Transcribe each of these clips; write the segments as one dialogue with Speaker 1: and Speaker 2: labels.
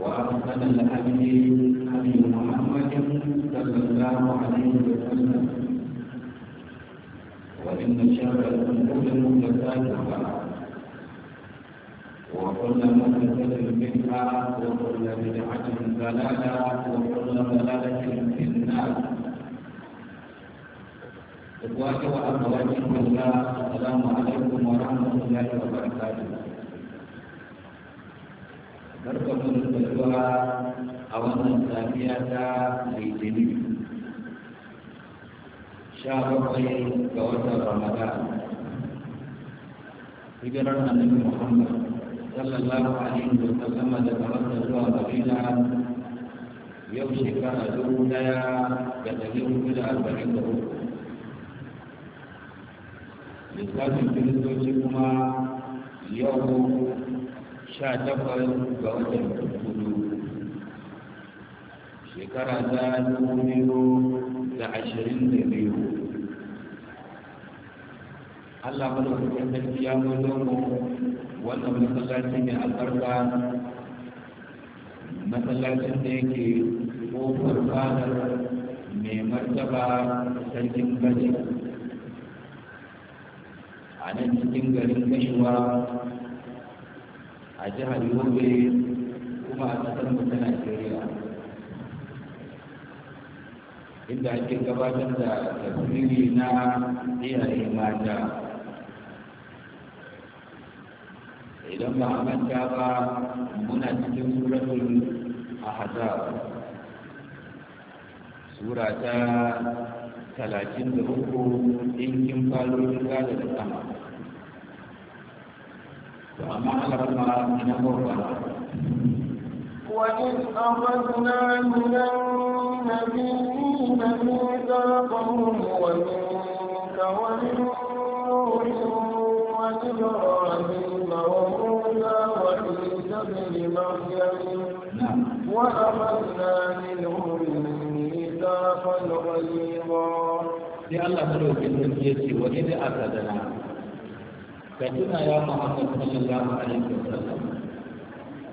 Speaker 1: وأحسن الهدي هدي محمد صلى الله عليه وسلم وإن شر الأمور محدثاتها وكل محدثة بدعة وكل بدعة ضلالة وكل ضلالة في النار إخواتي وأخواتي في الله السلام عليكم ورحمة الله وبركاته barka mu da zuwa a wannan safiya ta litinin sha bakwai ga watan ramadan hijirar annabi muhammad sallallahu alaihi wa sallam daga makka zuwa madina yau shekara dubu daya da dari hudu da arba'in da uku lissafin kiristoci kuma yau sha takwas ga watan
Speaker 2: hudu shekara ta dubu biyu da ashirin da biyu
Speaker 1: Allah madaukakin sarki ya zo mu wannan masallaci ne albarka masallacin da yake kofar fadar mai martaba sarkin bajin a nan cikin garin kashewa a jihar yobe kuma a kasar mu ta najeriya inda ake gabatar da tafsiri na iyaye mata idan ba a manta ba muna cikin suratul ahzab sura ta talatin da uku in kin falo da sama
Speaker 2: وإذ
Speaker 3: أخذنا من النبيين ميثاقهم ومنك ومن نوح وإبراهيم وموسى وعيسى بن مريم وأخذنا منهم ميثاقا غليظا. لأن الله سبحانه وتعالى يقول وإذ
Speaker 1: أخذنا ka tuna ya muhammad sallallahu alaihi wasallam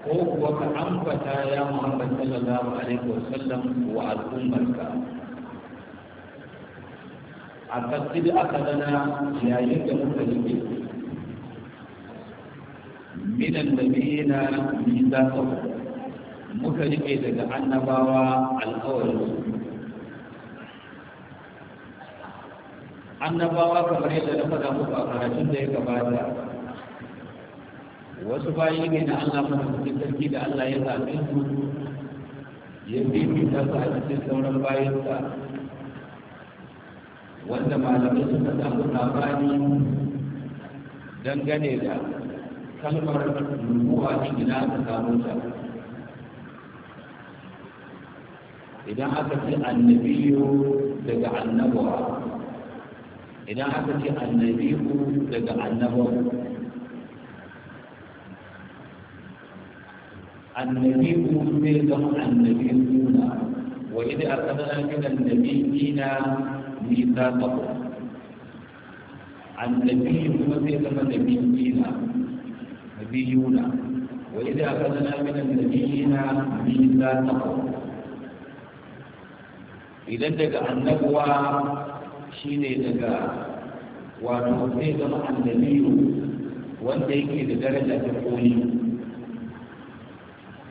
Speaker 1: ko kuwa ka ambata ya muhammad sallallahu alaihi wasallam wa al'ummarka a da aka zana yayin da muka yi minan da biyina mizaka muka rike daga annabawa alkawarin annabawa kamar yadda na faɗa muku a karatun da ya gabata wasu bayi ne na Allah madaukakin sarki da Allah ya zaɓe su ya ta su a cikin sauran bayansa wanda malamai suka samu labari dangane da kalmar rubuwa ta gina aka samu ta idan aka ce annabiyo daga annabawa idan aka ce annabi daga annabawa النبي بيضم النبيون وإذ أخذنا من النبيين ميثاقهم النبي بيضم النبيين نبيون وإذ أخذنا من النبيين ميثاقهم إذا دق النبوة shine daga wato zai zama annabiyu wanda yake da daraja ta koli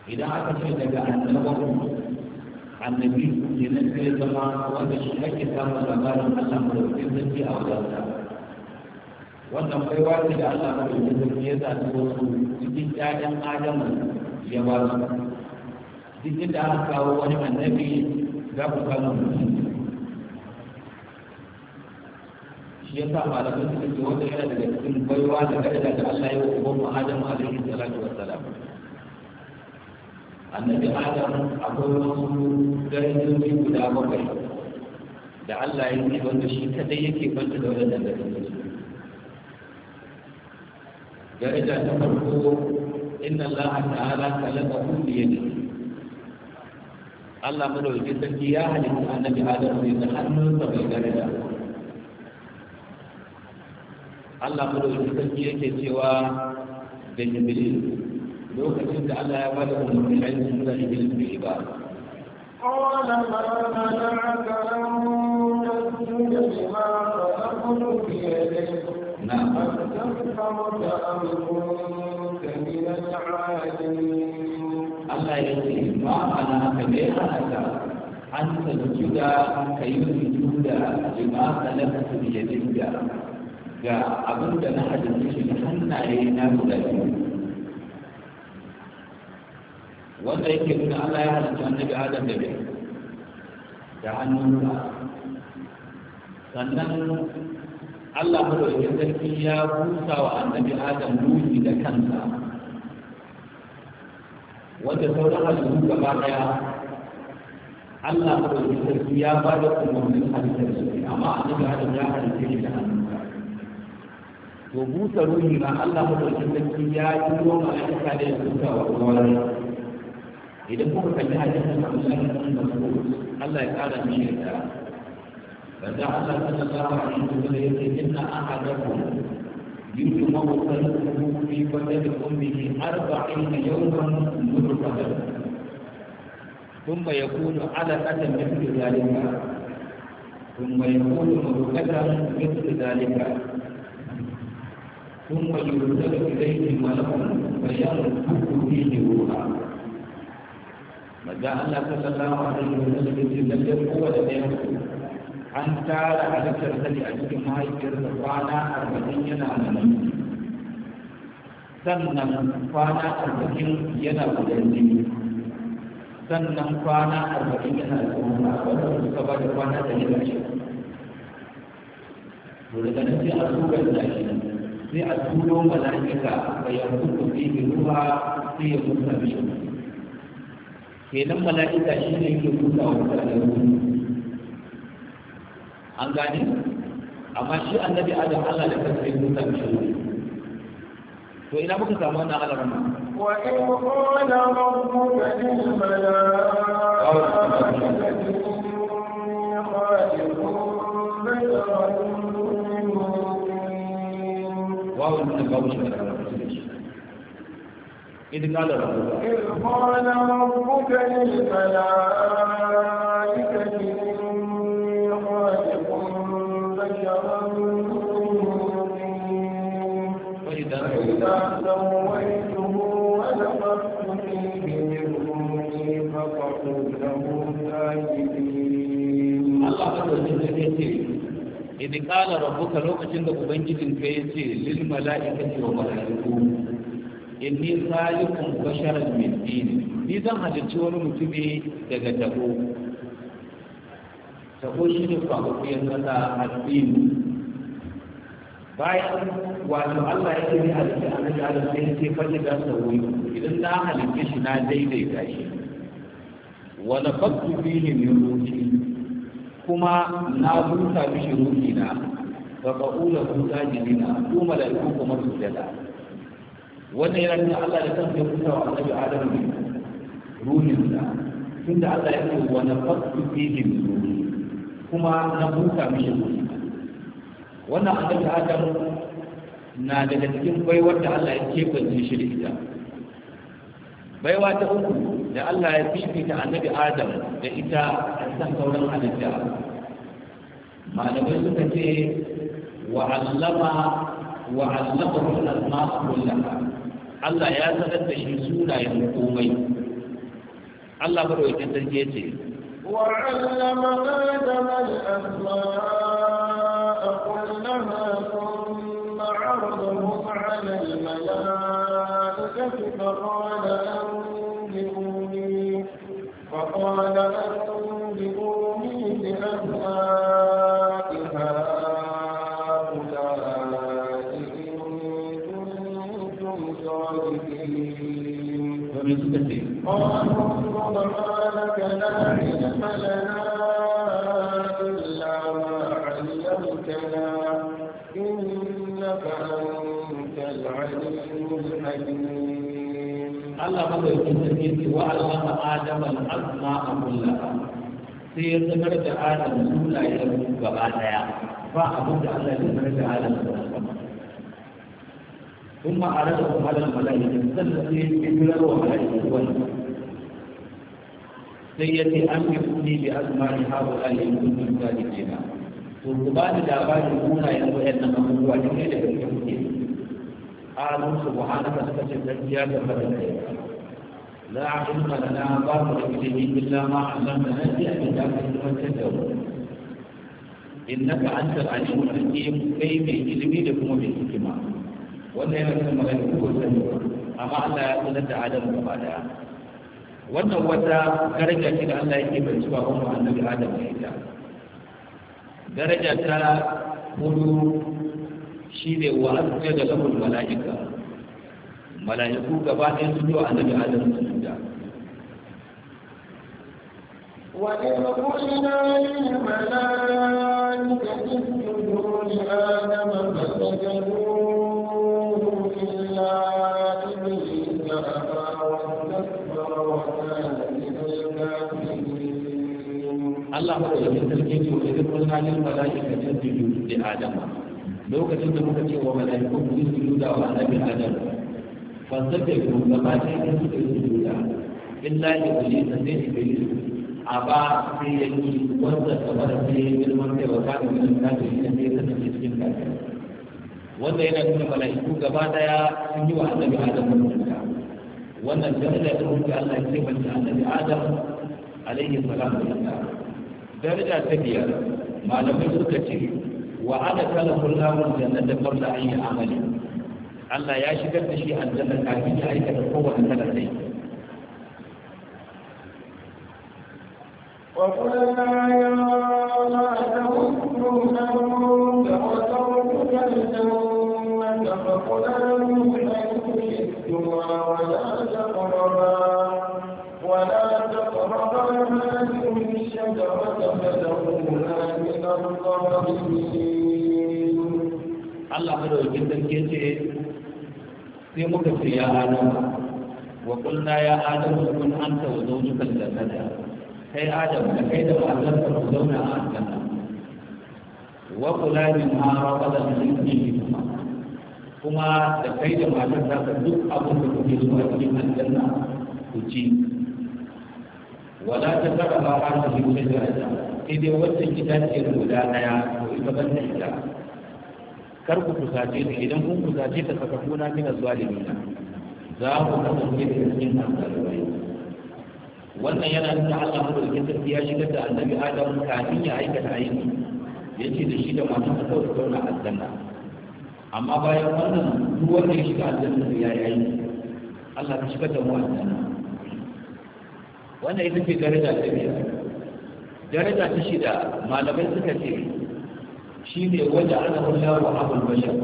Speaker 1: idan aka ce daga annabawa annabi na zai zama wanda shi ake samun labarin Allah mai zaki a wajensa wannan baiwa ce da Allah mai zaki ya su wasu cikin ƴaƴan Adamu ya ba su duk inda aka kawo wani annabi za ku kama mutum shi yasa malamai suka ce wanda yana daga cikin baiwa da gaida da Allah ya wa ubanmu Adam alaihi salatu wassalam annabi Adam akwai wasu darajoji guda bakwai da Allah ya yi wanda shi kadai yake banta da wannan darajoji daraja ta farko inna Allah ta'ala khalaqahu bi yadihi Allah madaukakin sarki ya halitta annabi Adam ne da hannunsa bai gare da Allah ku da wani sarki yake cewa da jibiri lokacin da Allah ya bada wani mutumai da suna jibiri su bai ba.
Speaker 3: Na
Speaker 2: Allah ya ce, "Ma ana haka ne a haka,
Speaker 1: an ta juda ka yi rikin juda, jima'a na kasu biyar biyar ga abin da na hadin shi na hannaye na guda biyu wanda yake nuna Allah ya halitta annabi Adam da bai da hannunsa sannan Allah madaukakin sarki ya busa wa annabi Adam ruhi da kansa wanda sauran halittu gaba daya Allah madaukakin sarki ya ba da umarnin halittar su amma annabi Adam ya halitta shi da hannu to busa ruhi ba Allah madaukakin sarki ya yi ruwa mala'ika da ya busa wa kowane idan kuka kalli hadisin Abdullah bin Mas'ud Allah ya kara mishi da فجعل صلى الله عليه وسلم ان احدكم يجمع خلقه في بدن امه اربعين يوما مرتبا ثم يكون علقة مثل ذلك ثم يكون مرقة مثل ذلك ثم يرسل إليه ملك فيرفق فيه روحا مجاء الله صلى الله عليه وسلم لم يقوى لديه an tara halittar sani a cikin mahaifiyar da kwana arba'in yana nan sannan kwana arba'in yana gudan sannan kwana arba'in yana da kuma wanda suka ba da kwana da yana Ba to daga nan a zuwa da shi sai a turo mala'ika wa ya kuka fiye ruwa sai ya kuka biyu kenan mala'ika shi ne ke kuka wa mutane an gane amma shi annabi adam Allah da kansa ya kuka biyu to ina muka samu wannan alaran
Speaker 3: wa in qala rabbuka lil mala'ikati inni khaliqun basharan
Speaker 1: wawo ni ta babu shekara da ta ce idan ka da rabu
Speaker 3: ba ilmana
Speaker 1: idan kala rabbuka lokacin da ubangijin ka ya ce lil mala'ikati wa mala'iku inni khaliqun basharan min din ni zan halicci wani mutumi daga tabo tabo shi ne kwakwafiyar kasa addin bayan wato Allah ya ce ni halitta a nan da sai ya ce fadi da sauri idan na halitta shi na daidaita shi wa nafaktu fihi min ruhi kuma na buta mishi ruhi na fa qa'ula hu sajidina ku malaiku kuma su jada wannan yana nuna Allah da kansa ya buta wa annabi Adam ne ruhin sa tunda Allah ya ce wa nafaqtu fihi ruhi kuma na buta mishi ruhi wannan annabi Adam na daga cikin baiwar da Allah ya kebance shi da ita baiwa ta uku da Allah ya fifita annabi Adam da ita akan sauran halitta malamai suka ce wa'allama wa'allama rukun masu kullaha Allah ya sanar da shi sunayen komai Allah madaukakin sarki ya ce
Speaker 3: وعلم آدم الأسماء كلها ثم عرضهم على الملائكة فقال أنت فقال أنبئوني بأسماء هؤلاء إن كنتم صادقين لا علم لنا Allah
Speaker 2: madaukakin sarki ce wa allama adama al-asma'a kullaha
Speaker 1: sai ya sanar da adam sunayen gaba daya ba abin da Allah ya sanar da adam ثم أردهم على الملائكة التي بكرر وملائكة والملائكة سيدي أن يكوني بأسماء هؤلاء إن كنتم صادقين. وقبال الآباء الأولى يقول أن من هو جميل alamun su buhari ka suka ce tafiya da farinta la ilma lana ba mu da ilimi illa ma annan da nan ji a da zaka yi kuma ta da innaka anta alimul hakim kai mai ilimi da kuma mai hikima wannan yana kuma ga ko amma Allah ya kula da adam gaba daya wannan wata daraja ce da Allah yake bai cewa ba mu annabi adam ne ita daraja ta hudu shi ne wa an tsaye da lamun mala’ika mala’iku gaba ɗaya su yi wa annabi adam su yi da Allah ko da mutum ke yi wa ɗaya kullum halin mala’ika ta biyu da adama. lokacin da muka ce wa mala'iku ku su sujuda wa annabi adam fasakai ku ba ta yi su yi sujuda illa ya kuli ta sai ta yi a ba sai ya yi wanda ta sai ya yi girman kai wa kada wani kafin ita sai ta tafi cikin kafin wanda yana nuna mala'iku gaba daya sun yi wa annabi adam mutunta wannan daraja ta wuce Allah ya kebanta annabi adam alaihi salatu wa daraja ta biyar malamai suka ce وعدك له الله الجنة بكل أي عمل عما يعشق الشيء الجنة كافية أيك القوة الثلاثين وقلنا يا ya ce sai muka ce ya adam wa kulna ya adam kun anta wa zawjukan jannata kai adam da kai da ma'azar ka ku zauna a aljanna wa kula min ma rabada min jinni kuma da kai da matar za ka duk abin da kuke zuwa cikin aljanna ku ci wala ta tara ba har da shi da sai dai gida ce guda daya ko ita ban da ita kar ku kusace ni idan kun kusace ta saka kuna mina zalimi za ku kasance da cikin azzalimai wannan yana nuna Allah da kinta ya shigar da annabi Adam kafin ya aikata aiki ya ce da shi da masu ta kawai zauna aljanna amma bayan wannan duk wanda ya shiga aljanna ya yi aiki Allah ta shigar da mu aljanna wannan ita ce daraja ta biyar daraja ta shida malamai suka ce Shi ne waje ana hullahu abul bashar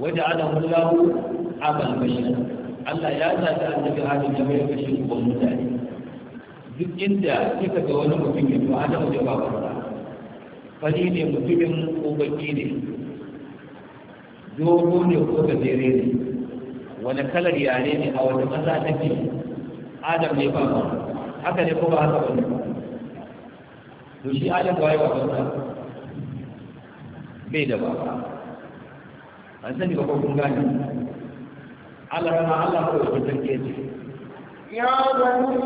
Speaker 1: waje ana hullahu abul bashar Allah ya zaɓi annabi Adam ya mai kashin uban mutane duk inda kika ga wani mutum ya to Adam ya ba fara fari ne mutumin ko ne dogo ne ko gajere ne wani kalar yare ne a wani maza ta ke? Adam ne ba haka ne kuma haka ba ne to shi Adam ba ya ba
Speaker 2: beda da baba
Speaker 1: an sani ba kun gani Allah ma Allah ko ku tanke ce
Speaker 3: ya bani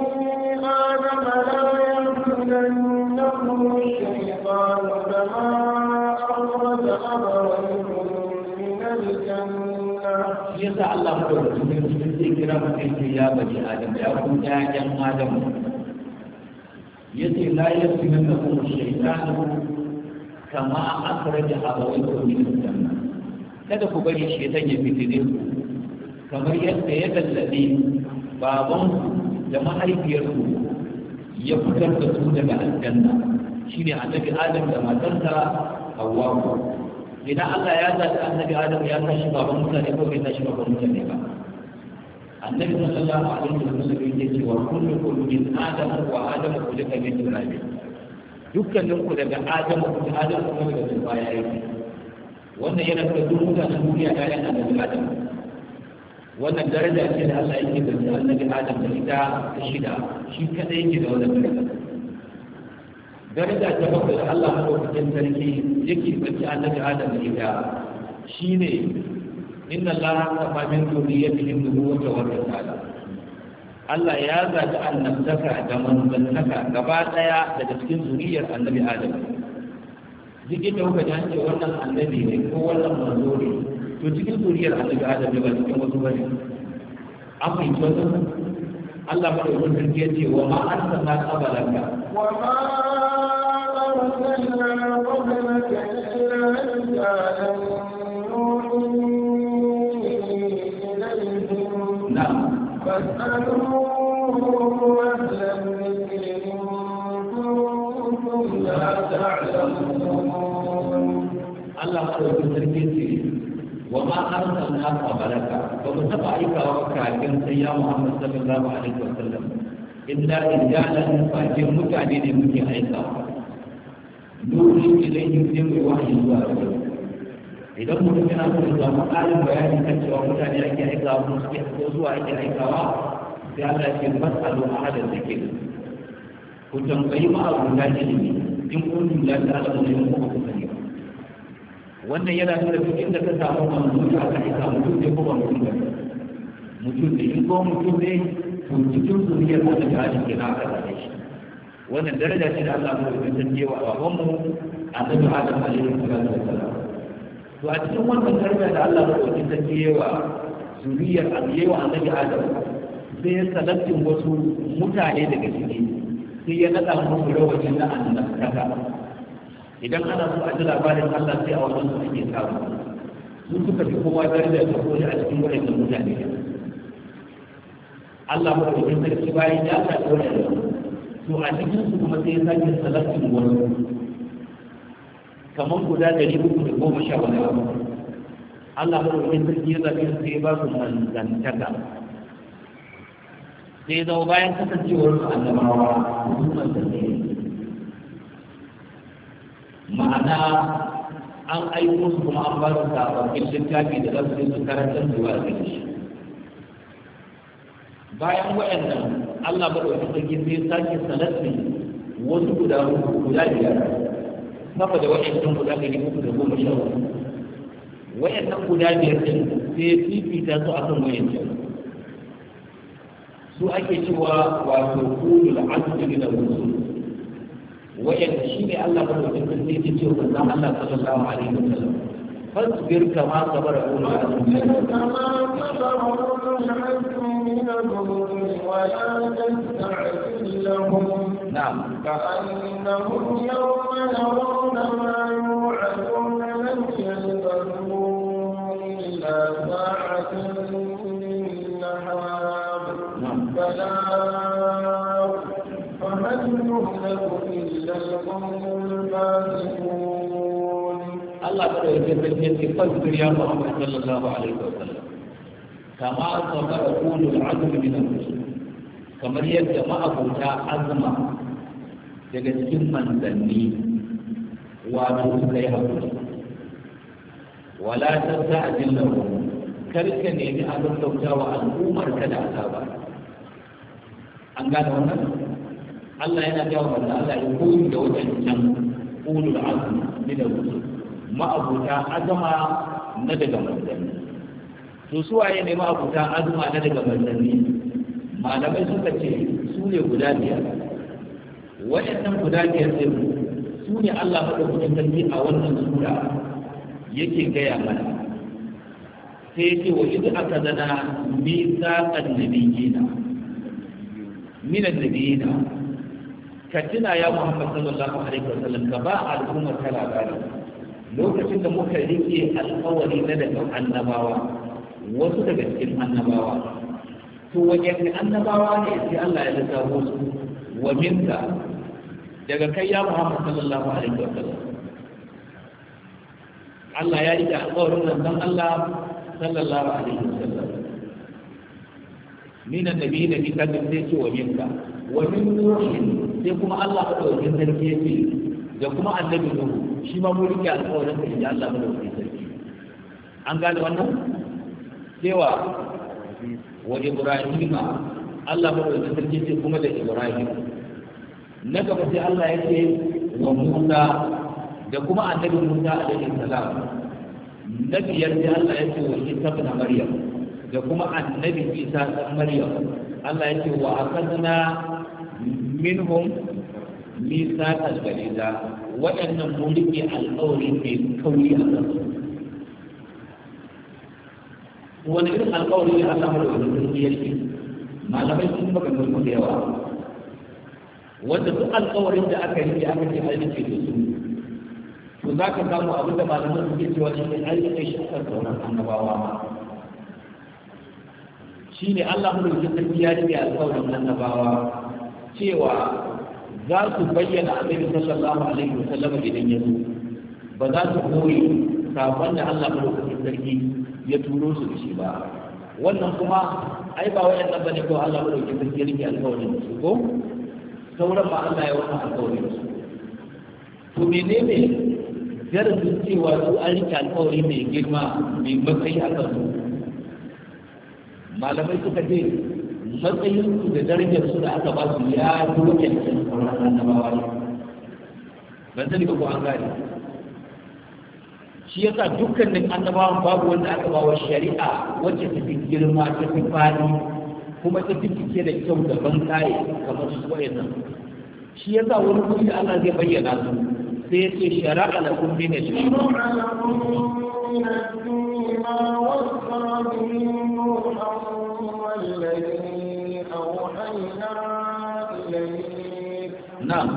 Speaker 3: adam la yamkunannakum Allah kama akhraj abawaykum min al-jannah yasa Allah ko
Speaker 1: ku tanke kira mutum ya bani adam ya ku ya adam yace la yamkunannakum shaytanu kama akhraja abawaykum min al-janna kada ku bari shi ya fitine ku kamar yadda ya dallabe baban da mahaifiyarku ya fitar da su daga aljanna shine annabi adam da matarsa hawwa idan Allah ya zaɓi annabi adam ya tashi baban mutane ko bai tashi baban mutane ba annabi sallallahu alaihi wa sallam yake cewa kullukum min adam wa adam kullu min turabin dukkanin ku daga adam ku adam kuma daga zuwa ya yi wannan yana da duk mutanen duniya ta yana da adam wannan daraja ce da Allah yake da annabi adam da ita ta shida shi kadai yake da wannan daraja daraja ta bakwai da Allah madaukakin sarki yake barci annabi adam da ita shine inna Allah ta fa min dhurriyyatihim nubuwwata wa risala Allah ya zaɓi annabtaka da manzantaka gaba ɗaya daga cikin zuriyar annabi Adam. Duk inda kuka ji ce wannan annabi ne ko wannan manzo ne, to cikin zuriyar annabi Adam ne ba cikin wasu bane. An fahimci wasu Allah ba da wani sarki ya ce wa ma an sana kabalanka. Wa ma
Speaker 3: arsalna qablaka illa rijalan فاسألوا أهل الذكر إن لا تعلمون الله قد
Speaker 1: تركتي وما أرسلنا قبلك فمتبع إيكا وكاكين سيا محمد صلى الله عليه وسلم إلا رجالا فاجر متعدين متعيسا نوحي إليهم جمع وحي الله idan mutum yana so ya samu ƙarin bayani kan cewa mutane ake aikawa kuma suke ko zuwa ake aikawa sai Allah ce masalu ahadan zikir ku tambayi ma'abuta ilimi in kun lura da Allah ne ko ku sani wannan yana nuna duk inda ka samu manzo da aka aika mutum ne ko ba mutum ba mutum ne in ko mutum ne to cikin zuriyar da ta ji kina aka sani shi wannan daraja ce da Allah ya mutunta wa babanmu annabi Adam alaihi salatu wasallam to a cikin wannan tarbiyya da Allah ya madaukakin sarki yawa zuriyar yawa annabi Adam sai ya salatin wasu mutane daga cikin sai ya nada da rawajin na annabtaka idan ana so a ji labarin Allah sai a wannan su ake samu sun suka fi kowa daraja ta koyi a cikin wannan mutane Allah madaukakin sarki bayan ya ta dole to a cikin su kuma sai ya sake salatin wasu kamar guda ɗari uku da goma sha wani abu Allah madaukakin sarki ya zaɓe su sai ba su manzantaka sai zama bayan kasancewar su annabawa su manzantai ma'ana an aiko musu kuma an ba su sababbin littafi da za su su karantar da wa da shi bayan waɗannan Allah madaukakin sarki sai sake sanatin wasu guda uku guda biyar sama da wa'annan guda ɗari uku da goma sha uku wa'annan guda biyar ɗin sai fifita su a kan wa'ancan su ake cewa wato kulul azmi da rusul wa'anda shi ne Allah ba da dukkan sai ke cewa zan Allah sallallahu alaihi wa sallam فاصبر كما صبر أولو العزم كما صبر
Speaker 3: أولو العزم من الرسل ولا تستعجل لهم نعم كأنهم يوم يرون ما يوعدون لم يلبثوا إلا ساعة من نهار نعم. بلاغ فهل يهلك إلا القوم الفاسقون الله تعالى
Speaker 1: فاصبر يا
Speaker 2: محمد صلى
Speaker 1: الله عليه وسلم كما صبر أولو العدل من الرسل kamar yadda ma'abuta azuma daga cikin manzanni wato suka yi haƙuri wala ta sa a kar ka nemi abin bauta wa al'ummar ka da azaba an gane wannan Allah yana ga wanda Allah ya koyi da wadancan ulul azmi min ar-rusul ma'abuta azama na daga manzanni to su waye ne ma'abuta azama na daga manzanni malamai suka ce su ne guda biyar waɗannan guda biyar ɗin su ne Allah maɗaukakin sarki a wannan sura yake gaya mana sai ce wa idu aka zana misaƙan nabiyina minan nabiyina ka tuna ya Muhammad sallallahu alaihi wasallam ka ba al'umma ta labari lokacin da muka rike alƙawari na daga annabawa wasu daga cikin annabawa to wajen annabawa ne sai Allah ya lissafo su wa minka daga kai ya muhammad sallallahu alaihi wa sallam Allah ya yi rike alƙawarin manzon Allah sallallahu alaihi wa sallam min annabi da bi kadin sai ce wa minka wa min nuhin sai kuma Allah ka dauki sarki yake da kuma annabi nuhu shi ma mu rike alƙawarin da ya Allah ka dauki sarki an gane wannan cewa wa ibrahima Allah ba da sarki ce kuma da ibrahima na gaba sai Allah ya ce wa Musa da kuma annabi Musa a alaihi salam na biyar sai Allah ya ce wa Isa ibn Maryam da kuma annabi Isa ibn Maryam Allah ya ce wa akadna minhum al galiza waɗannan mun rike alƙawari ne kauri a kan wani irin alƙawari ne da madaukakin sarki yake malamai sun baka mutum da yawa wanda duk alƙawarin da aka yi da aka ce ai nake da su to za ka samu abin da malaman suke cewa shi ne ai nake shi akan sauran annabawa ma shi ne Allah mu da sarki ya rike alƙawarin annabawa cewa za su bayyana annabi sallallahu alaihi wasallam idan ya zo ba za su koyi sabon da Allah mu da sarki ya turo su da shi ba wannan kuma ai ba wayannan bane ko Allah mu da sarki ya rike alƙawarin su ko sauran ba Allah ya wata alƙawari ba su to ne darasin cewa su an rike alƙawari mai girma mai matsayi a kan malamai suka ce matsayin su da darajar su da aka ba su ya fi wakilcin sauran annabawa ne ban sani ko an gane shi yasa dukkanin annabawan babu wanda aka ba wa shari'a wacce ta fi girma ta fi fadi kuma ta fi cike da kyau da ban kaye kamar su wayannan shi yasa wani kuma Allah zai bayyana su sai ya ce shara'a na kun bin shi
Speaker 3: نعم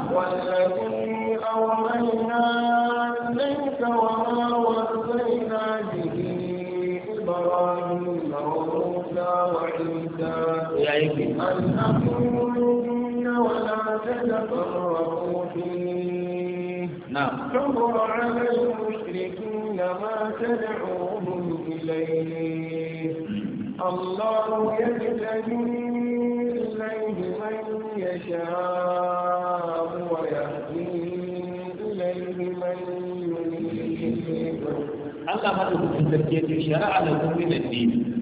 Speaker 3: تفرقوا فيه نعم كبر على المشركين ما تدعوهم إليه الله يجتبي إليه من يشاء ويهدي إليه من يريد الله هذا في التركية
Speaker 1: شرع لكم من الدين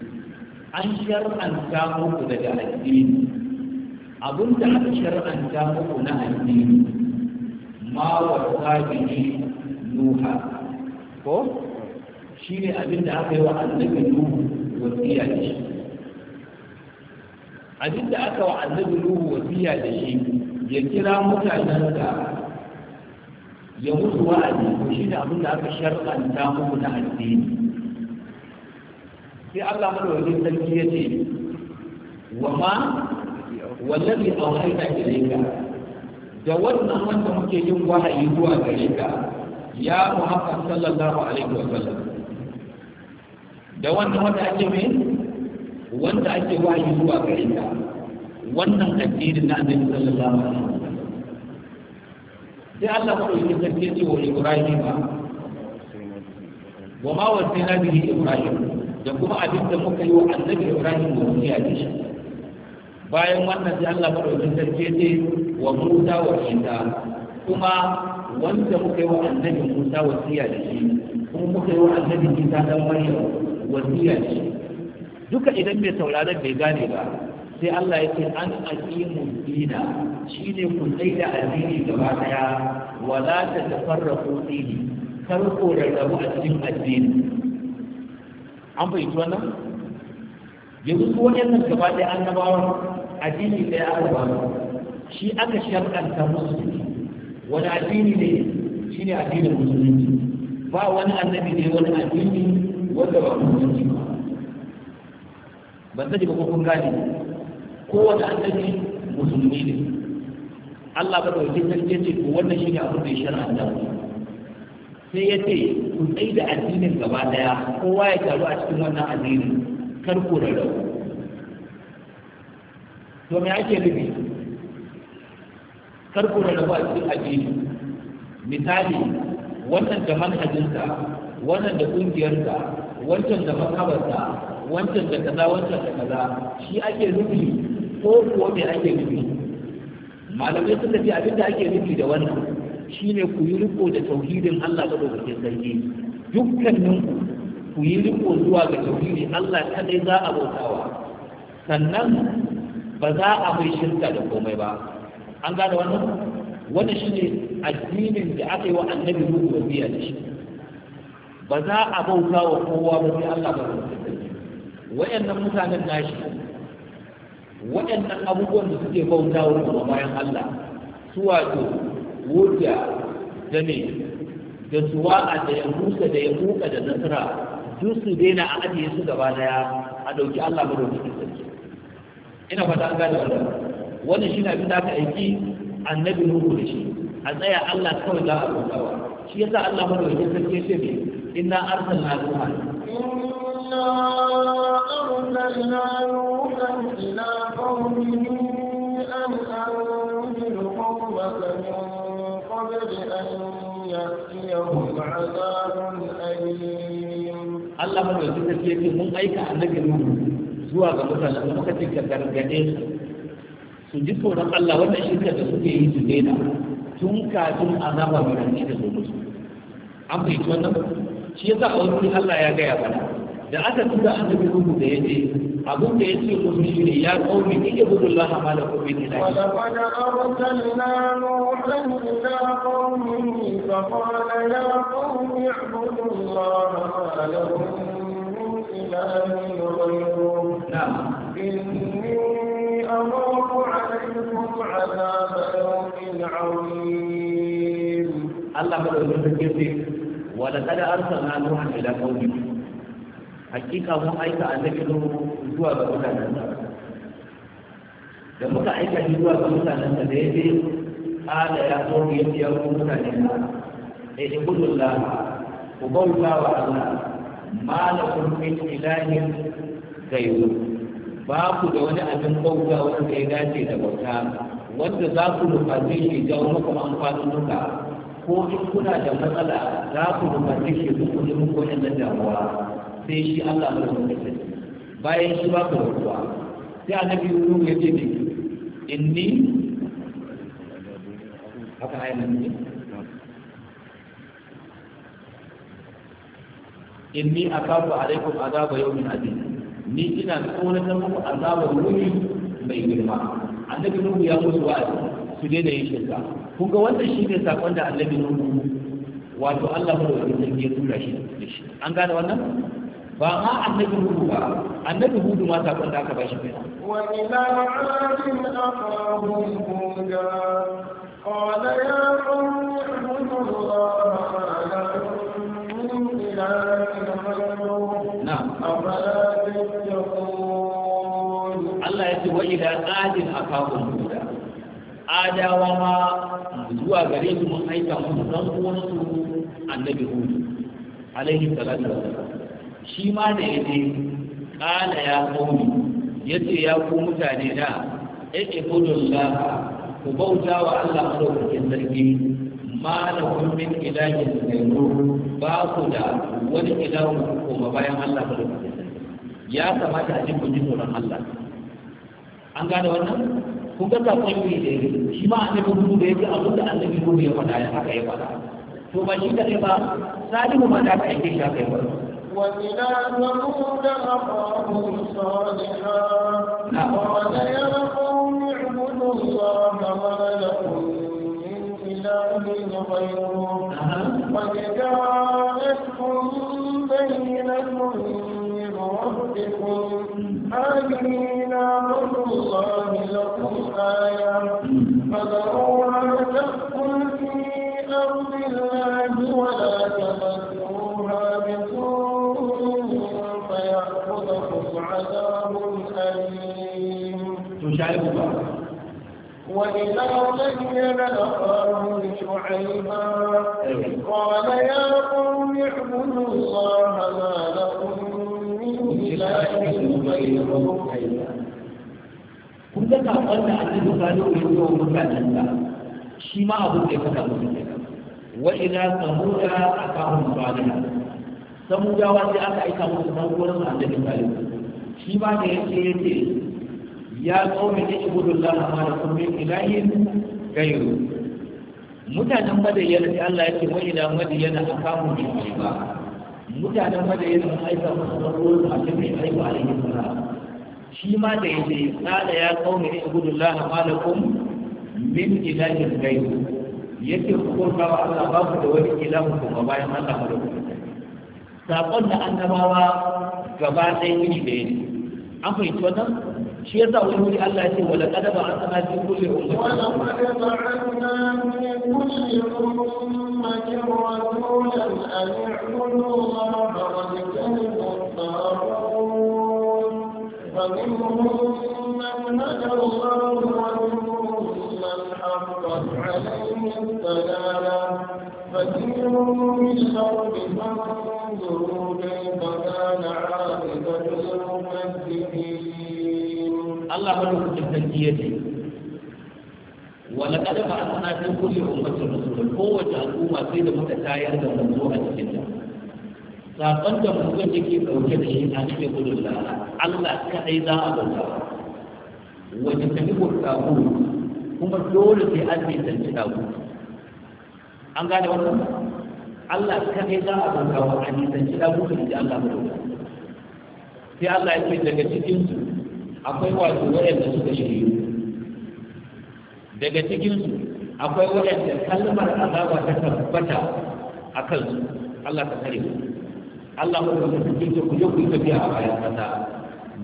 Speaker 1: أن شرعا كاموا إلى الدين abin da aka shar'anta muku na addini ma wa sabihi nuha ko shi ne abin da aka yi wa annabi nuhu wasiya da shi abin da aka wa annabi nuhu wasiya da shi ya kira mutanen da ya mutu wa addini shi ne abin da aka shar'anta muku na addini sai Allah wajen sarki ya ce wa ma wallazi auhayna ilayka da wannan wanda muke yin wahayi zuwa gare ka ya Muhammad sallallahu alaihi wa sallam da wannan wanda ake mai wanda ake wahayi zuwa gare ka wannan addinin na annabi sallallahu alaihi wa sallam sai Allah ko yake kace ce wa Ibrahim wa ma wasina bihi Ibrahim da kuma abin da muka yi wa annabi Ibrahim da duniya da shi bayan wannan sai Allah madaukakin sarki ya ce wa Musa wa Isa kuma wanda muka yi wa annabi Musa wasiya da shi kuma muka yi wa annabi Isa dan Maryam wasiya da shi duka idan bai sauraron bai gane ba sai Allah ya ce an aqimu dina shine ku da addini gaba daya wala ta tafarraqu dini kar ku rarrabu a cikin addini an fahimci wannan yanzu su waɗannan gaba ɗaya annabawan addini ɗaya aka ba shi aka sharɗanta musulunci wani addini ne shi ne addinin musulunci ba wani annabi ne wani addini wanda ba musulunci ba ban sani ba kun gane kowane annabi musulmi ne Allah ba ɗauki sarki ce ko wannan shi ne abin da ya da. sai ya ce ku tsaye da addinin gaba ɗaya kowa ya taru a cikin wannan addinin karko ku rabu to me ake nufi karko ku rabu a cikin addini misali wannan da manhajinsa wannan da ƙungiyarsa wancan da mazhabarsa wancan da kaza wancan da kaza shi ake nufi ko kuwa me ake nufi malamai suka ce da ake nufi da wannan shine ku yi riko da tauhidin Allah dokokin sarki Dukkaninku. ku yi riko zuwa ga tauhidi Allah kadai za a bautawa sannan ba za a mai shirka da komai ba an gane wannan wannan shine addinin da aka yi wa annabi Nuhu wasiya da shi ba za a bauta wa kowa ba sai Allah ba wayannan mutanen nashi wayannan abubuwan da suke bauta wa kuma bayan Allah su wato wuta da ne da suwa'a da ya musa da ya muka da nasara duk su daina a ajiye su gaba daya a ɗauki Allah madaukakin sarki ina fata an gane wannan wannan shi na bi da ka aiki annabi nuhu da shi a tsaya Allah kawai za a bautawa shi yasa Allah madaukakin sarki ya ce me inna arsalna ruha
Speaker 2: inna
Speaker 3: arsalna ruha ila qaumihi an anzir qawmaka min qabli an ya'tiyahum 'adabun alim Allah ba da suka
Speaker 1: ce ce mun aika annabi nuhu zuwa ga mutane kuma kace ka gargade su ji tsoron Allah wannan shirka da suke yi su daina tun kafin azaba mai ranci da zo musu an fahimci wannan shi yasa a wani Allah ya gaya bana da aka tura annabi nuhu da ya je abun da ya ce musu shi ne ya ni ike bugun laha ma da kuma yin ilahi. Wadda Allah
Speaker 3: ma lahum min ilahin ghayruh. Inni amuru alaykum azab yawmin azim.
Speaker 1: Allah madaukakin sarki ولقد a نوحا zuwa ga mutanen sa da muka aika shi zuwa ga mutanen sa da ya je ala ya zo ya ce ya ku mutane sa ya ce gudun la ku bauta wa Allah ma la kun min ilahin gairu ba ku da wani abin bauta wanda ya dace da bauta wanda za ku nufaci shi ga wani kuma amfanin duka ko in kuna da matsala za ku nufaci shi duk wani muku wannan damuwa sai shi Allah mai mutunta bayan shi ba ka rukuwa sai annabi ruhu ya ce ne inni haka nan ne inni akafu alaikum azaba yawmin azim ni ina tsoratar muku azabar wuri mai girma annabi nuhu ya musu wa'azi su daina yin shirka kun ga wannan shi ne sakon da annabi nuhu wato Allah mu da ya tura shi an gane wannan ba ma annabi hudu ba annabi hudu ma sakon da aka ba shi kenan
Speaker 3: wa ila adin aqahum huda qala ya qawmi ibudu allaha ala min ilahin ghayruhu na'am afala tattaqun Allah yace wa ila adin aqahum
Speaker 1: huda adawa ma zuwa gare su mun aika musu dan uwansu annabi hudu alaihi salatu wassalam shi ma da ya ce ƙala ya komi ya ce ya ku mutane da ya ke gudun da ku bauta wa Allah madaukakin sarki ma da kummin ilahin gairu ba ku da wani ilahu koma bayan Allah madaukakin sarki ya kamata a ji ku ji tsoron Allah an gane wannan kun ga sakon yi da yake shi ma annabi kudu da yake abin da annabi gudu ya faɗa ya haka ya faɗa to ba shi kadai ba salihu ma ta ka aike shi haka ya faɗa
Speaker 3: وإلى ثمود أخاهم صالحا نعم. قال يا قوم اعبدوا الله ما لكم من إله غيره قد جاءتكم بينة من ربكم هذه نعمة الله لكم
Speaker 2: آية فذروا
Speaker 3: وإذا زين أخاهم شعيبا قال يا قوم اعبدوا الله ما لكم
Speaker 1: من إله غيره kun ga kafin da an yi gano da yi wa mutanen da shi ma abin da ya faɗa musu ne wa ila samuda a kafin balina samudawa sai aka aika musu dan gurin annabi salihu shi ma da yake yake ya qaumi ibudullaha ma lakum min ilahin ghayru mutanen madayyar da Allah yake wa ila madiyana akamu bi ba mutanen madayyar sun aika musu rasulun a cikin aiki alaihi salam shi ma da yake tsada ya qaumi ibudullaha ma lakum min ilahin ghayru yake hukunta wa Allah babu da wani ilahu kuma bayan Allah ba da Sakon da annabawa gaba ɗaya iri da yake an fahimci wannan shi yasa wani wuri Allah ya ce wala qad ba'athna fi kulli ummatin wa laqad
Speaker 3: ba'athna fi kulli ummatin rasulan an ya'budu Allah wa yajtanibu at-taghut فمنهم من هدى الله ومنهم من حقت عليه الضلاله فسيروا في الارض فانظروا
Speaker 1: Allah madaukakin sarki ya ce wala kada ba an sana cikin kulle ummatin rasul kowace al'umma sai da muka tayar da manzo a cikin ta sakon da mutum yake dauke da shi a cikin gudun lara Allah kadai za a bauta wajen tafi gurɗaku kuma dole sai an bai zanci ɗaku an gane wannan Allah kadai za a bauta wa a nisanci ɗaku da Allah madaukakin sai Allah ya ce daga cikin su akwai wato wadanda suka shirya. daga cikinsu akwai waɗanda kalmar azaba ta tabbata a kansu Allah ta kare su Allah ku kuma cikin ku je ku tafiya a bayan kasa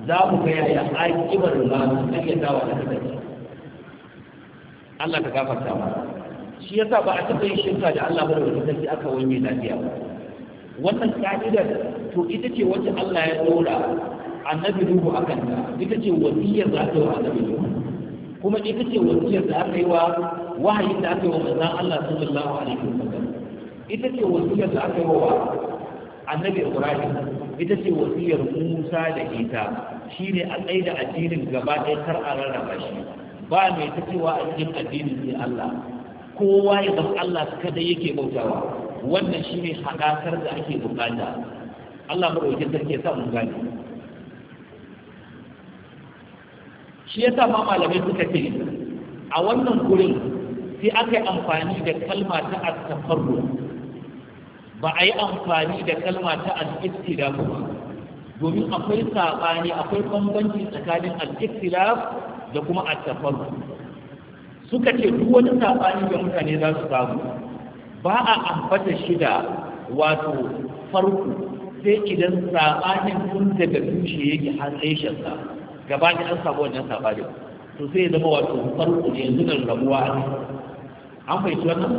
Speaker 1: za mu ga yaya akibar ba su kayyatawa ta kasance Allah ka gafarta ba shi yasa ba a taɓa yin shirka da Allah ba da wata sarki aka wani lafiya ba wannan ka'idar to ita ce wacce Allah ya ɗora annabi nuhu akan ta ita ce wasiyar da aka yi wa annabi nuhu kuma ita ce wasiyar da aka yi wa wahayin da aka yi wa manzon Allah sallallahu alaihi wasallam ita ce wasiyar da aka yi wa annabi Ibrahim ita ce wasiyar Musa da Isa shine a tsaida addinin gaba ɗaya kar a rarraba shi ba mai ta cewa a cikin addinin sai Allah kowa ya zama Allah kada yake bautawa wannan shine hadakar da ake bukata Allah madaukakin sarki ya sa mu gane shi yasa ma malamai suka ce a wannan gurin sai aka yi amfani da kalma ta astafarru ba a yi amfani da kalma ta al ba domin akwai saɓani akwai bambanci tsakanin al da kuma astafarru suka ce duk wani saɓani da mutane za su samu ba a ambata shida wato farko sai idan saɓanin sun daga tushe yake har tsaye gaba ne an samu wannan sabanin to sai zama wato farko ne yanzu da rabuwa an fahimci wannan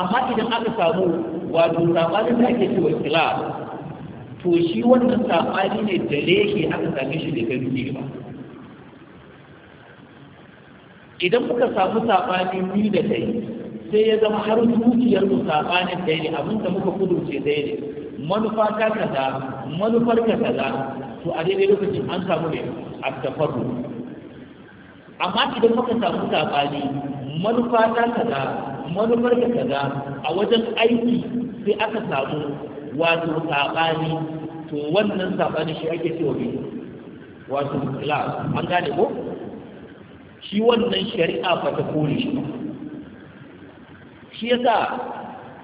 Speaker 1: amma idan aka samu wato sabanin da ake cewa kila to shi wannan sabani ne da leke aka same shi da kai ba idan muka samu sabani ni da kai sai ya zama har zuciyar mu sabanin dai ne abin da muka kudurce dai ne manufa ta kaza manufar ka kaza to a daidai lokacin an samu ne a tafaru amma idan muka samu sabani manufa ta kaza manufar ka kaza a wajen aiki sai aka samu wato sabani to wannan sabani shi ake cewa ne wato la an gane ko shi wannan shari'a ba ta kore shi shi yasa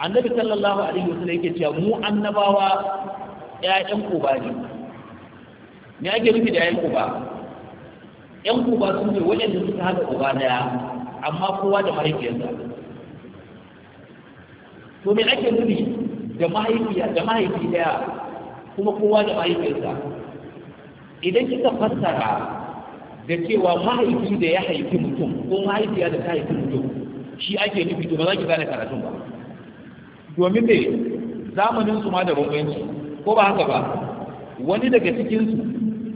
Speaker 1: annabi sallallahu alaihi wasallam yake cewa mu annabawa ƴaƴan uba ne me ake nufi da ƴaƴan uba ƴan uba su ne da suka haɗa uba daya amma kowa da mahaifiyarsa to me ake nufi da mahaifiya da mahaifi daya kuma kowa da mahaifiyarsa idan kika fassara da cewa mahaifi da ya haifi mutum ko mahaifiya da ta haifi mutum shi ake nufi to ba za ki gane karatun ba domin me zamanin su ma da bambanci ko ba haka ba wani daga cikin su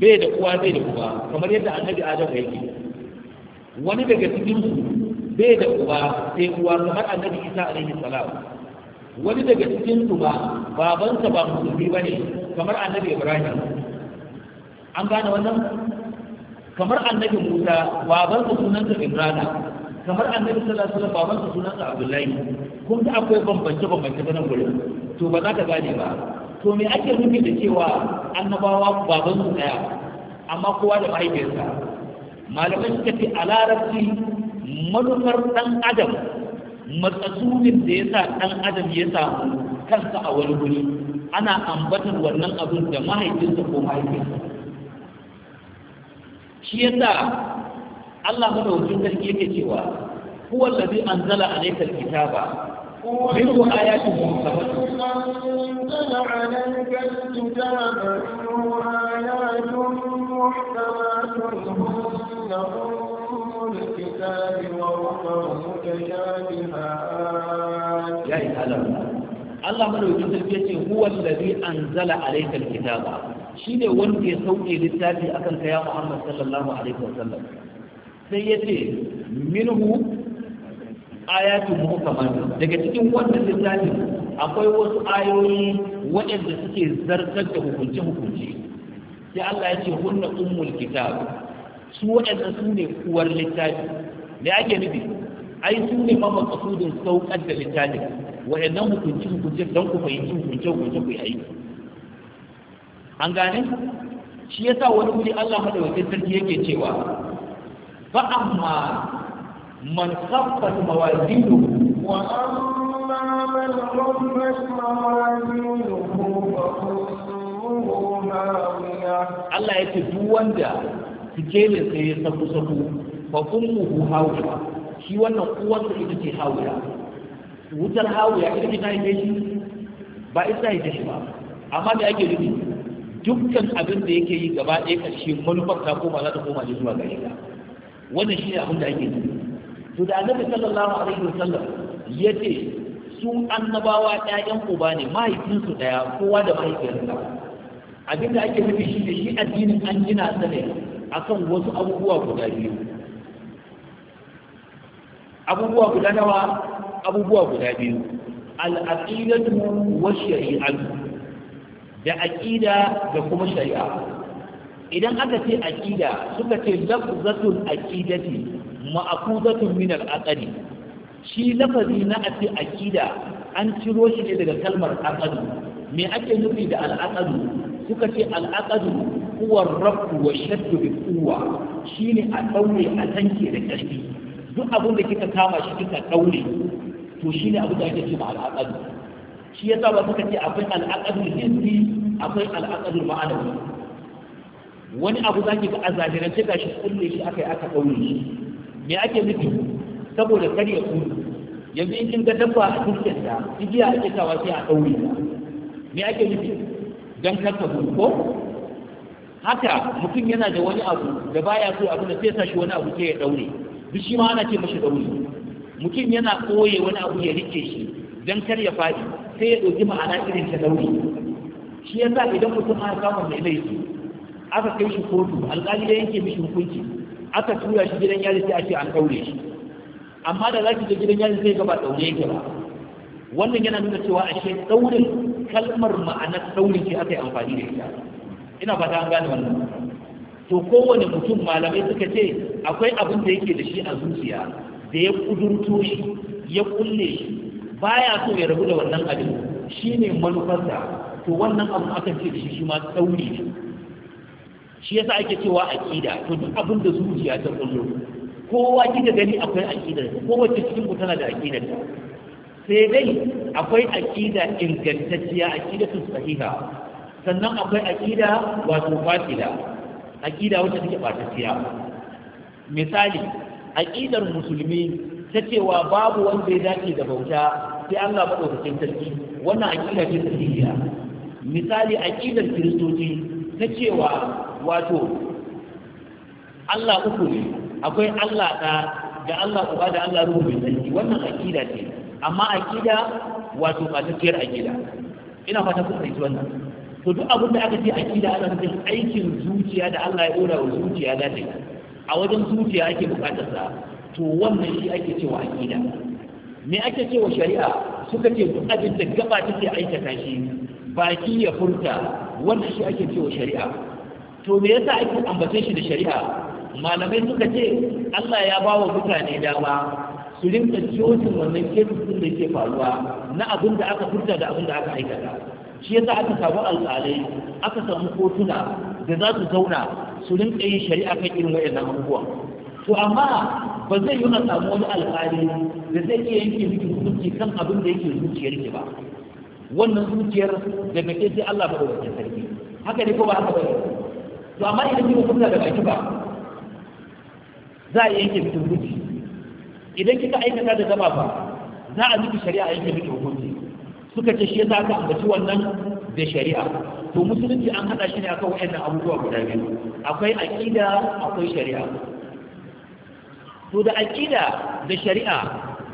Speaker 1: bai da uwa zai da uba kamar yadda annabi adam yake wani daga cikin su bai da uba sai uwa kamar annabi isa alaihi salam wani daga cikin su ba babansa ba musulmi bane kamar annabi ibrahim an gane wannan kamar annabi musa babansa sa ibrahim kamar annabi sallallahu alaihi wasallam baban sunan sa Abdullahi kun ga akwai bambance bambance ba nan gurin to ba za ka gane ba to me ake nufi da cewa annabawa baban su daya amma kowa da mahaifiyarsa malamai suka ce a larabci manufar dan adam matsatsunin da yasa sa ɗan adam ya samu kansa a wani wuri ana ambatar wannan abin da mahaifinsa ko mahaifinsa shi ya Allah madaukakin sarki yake cewa huwa allazi anzala alaykal kitaba minhu ayatun muhkamatun
Speaker 3: الكتاب ورقم متشابهات
Speaker 1: يا إسلام Allah madaukakin sarki yace huwa allazi anzala alayka alkitaba shine wanda ya sauke littafi akan ka ya Muhammad sallallahu alaihi wasallam sai ya ce minhu ayatun muhkamatu daga cikin wannan littafin akwai wasu ayoyi waɗanda suke zartar da hukunce hukunce sai Allah ya ce hunna ummul kitab su waɗanda su ne uwar littafi me ake nufi ai su ne ma makasudin saukar da littafin waɗannan hukunce hukunce don ku fahimci hukunce hukunce ku yi an gane shi yasa wani wuri Allah madaukakin sarki yake cewa فأما من خفت موازينه
Speaker 3: وأما من خفت موازينه
Speaker 1: Allah ya ce duk wanda ne sai ya saku saku fa hu hawiya shi wannan uwarsa ita ce hawiya wutar hawiya ita ce ta haife shi ba ita haife shi ba amma da ake nufi dukkan abin da yake yi gaba ɗaya ƙarshe manufar ta koma za ta koma ne zuwa gare ka wannan shi ne abin da ake nufi to da annabi sallallahu alaihi wasallam ya ce su annabawa ɗayan uba ne mahaifinsu ɗaya kowa da mahaifiyarsa abin da ake nufi shi ne shi addinin an gina sa ne akan wasu abubuwa guda biyu abubuwa guda nawa abubuwa guda biyu al wa shari'atu da aqida da kuma shari'a idan aka ce aƙida, suka ce lafzatul aqidati ma'khuzatun min al-aqdi shi lafazi na a ce aƙida, an ciro shi ne daga kalmar aqdu me ake nufi da al-aqdu suka ce al-aqdu huwa ar wa shaddu bi Shi ne a ɗaure a tanke da ƙarfi duk abin da kika kama shi kika ɗaure, to shi ne abin da ake ce ma al-aqdu shi yasa ba suka ce akwai al-aqdu hissi akwai al-aqdu ma'anawi wani abu za ki ga a zahirance ga shi kulle shi aka yi aka ɗaure shi me ake nufi saboda kar ya kudu yanzu in kin ga dabba a cikin ta igiya ake sawa sai a ɗaure ta me ake nufi dan kar ka gudu ko haka mutum yana da wani abu da baya so abu da sai sa shi wani abu sai ya ɗaure duk shi ma ana ce mashi daure mutum yana koye wani abu ya rike shi dan kar ya faɗi sai ya ɗauki ma'ana irin ta ɗaure shi yasa idan mutum ya samu mai laifi aka kai shi kotu alƙali da yanke mishi hukunci aka tura shi gidan yari sai a ce an ɗaure shi amma da za ki je gidan yari sai gaba ɗaure yake ba wannan yana nuna cewa ashe ɗaurin kalmar maana ɗaurin ce aka yi amfani da ita ina fata an gane wannan to kowane mutum malamai suka ce akwai abin da yake da shi a zuciya da ya kudurto shi ya kulle shi baya so ya rabu da wannan abin shine manufarsa to wannan abu aka ce da shi shi ma tsauri ne shi yasa ake cewa aqida to duk abin da zuciya ta kullu kowa kika gani akwai aqida kowa wacce cikin ku tana da aqida sai dai akwai aqida ingantacciya aqida sahiha sannan akwai aqida wato fasila aqida wacce take batacciya misali aqidar musulmi ta cewa babu wanda ya dace da bauta sai Allah madaukakin sarki wannan aqida ce sahiha misali aqidar kiristoci ta cewa wato Allah uku ne akwai Allah ta, da Allah uba da Allah ruhu mai tsarki wannan aƙida ce amma aƙida wato ɓatakkiyar aƙida ina fata kun fahimci wannan to duk abin da aka ce aƙida ana nufin aikin zuciya da Allah ya ɗora wa zuciya za ta a wajen zuciya ake buƙatar sa to wannan shi ake cewa aƙida me ake cewa shari'a suka ce duk abin da gaba take aikata shi baki ya furta wannan shi ake cewa shari'a to me yasa ake ambace shi da shari'a malamai suka ce Allah ya ba wa mutane dama su rinka jotun wannan kefisin da ke faruwa na abin da aka furta da abin da aka aikata shi yasa aka samu alƙalai aka samu kotuna da za su zauna su rinka yin shari'a kan irin wayannan abubuwa to amma ba zai yi na samu wani alƙali da zai iya yanke miki hukunci kan abin da yake zuciyar ki ba wannan zuciyar da ke sai Allah ba da sarki haka ne ko ba haka ba to amma idan kika kunna da baki ba za a yanke miki hukunci idan kika aikata da zama ba za a miki shari'a yanke miki hukunci suka ce shi yasa aka ambaci wannan da shari'a to musulunci an hada shi ne akan wayannan abubuwa guda biyu akwai aqida akwai shari'a to da aqida da shari'a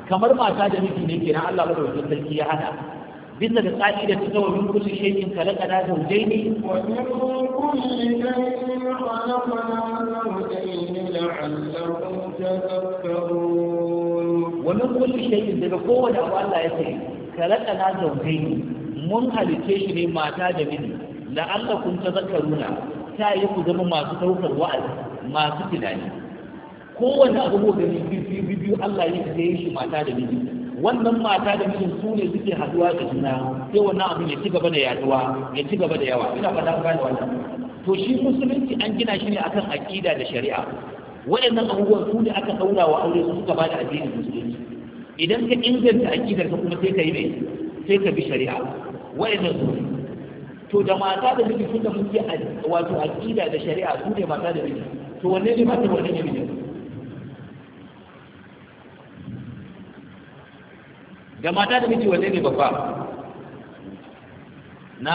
Speaker 1: kamar mata da miji ne kenan Allah madaukakin sarki ya hada bisa da tsaki da suka wajen kusa shekin kalaka da zaujai ne wannan kulle shekin daga kowane abu Allah ya sai kalaka da zaujai ne mun halice shi ne mata da miji la'alla kun ta zakaruna ta yi ku zama masu ɗaukar wa'azi masu tunani kowane abu gani biyu biyu Allah shi mata da miji wannan mata da mijin su ne suke haduwa da juna sai wannan abin ya ci gaba da yaduwa ya ci gaba da yawa ina fata ku gane wannan to shi musulunci an gina shi ne akan aqida da shari'a waɗannan abubuwan su ne aka daura wa aure su suka da addinin musulunci idan ka inganta aqidar ka kuma sai ka yi mai sai ka bi shari'a waɗannan su to da mata da miji sun da muke wato aqida da shari'a su ne mata da mijin. to wanne ne mata wanne ne mijin? ga mata da miji wanne ne babba na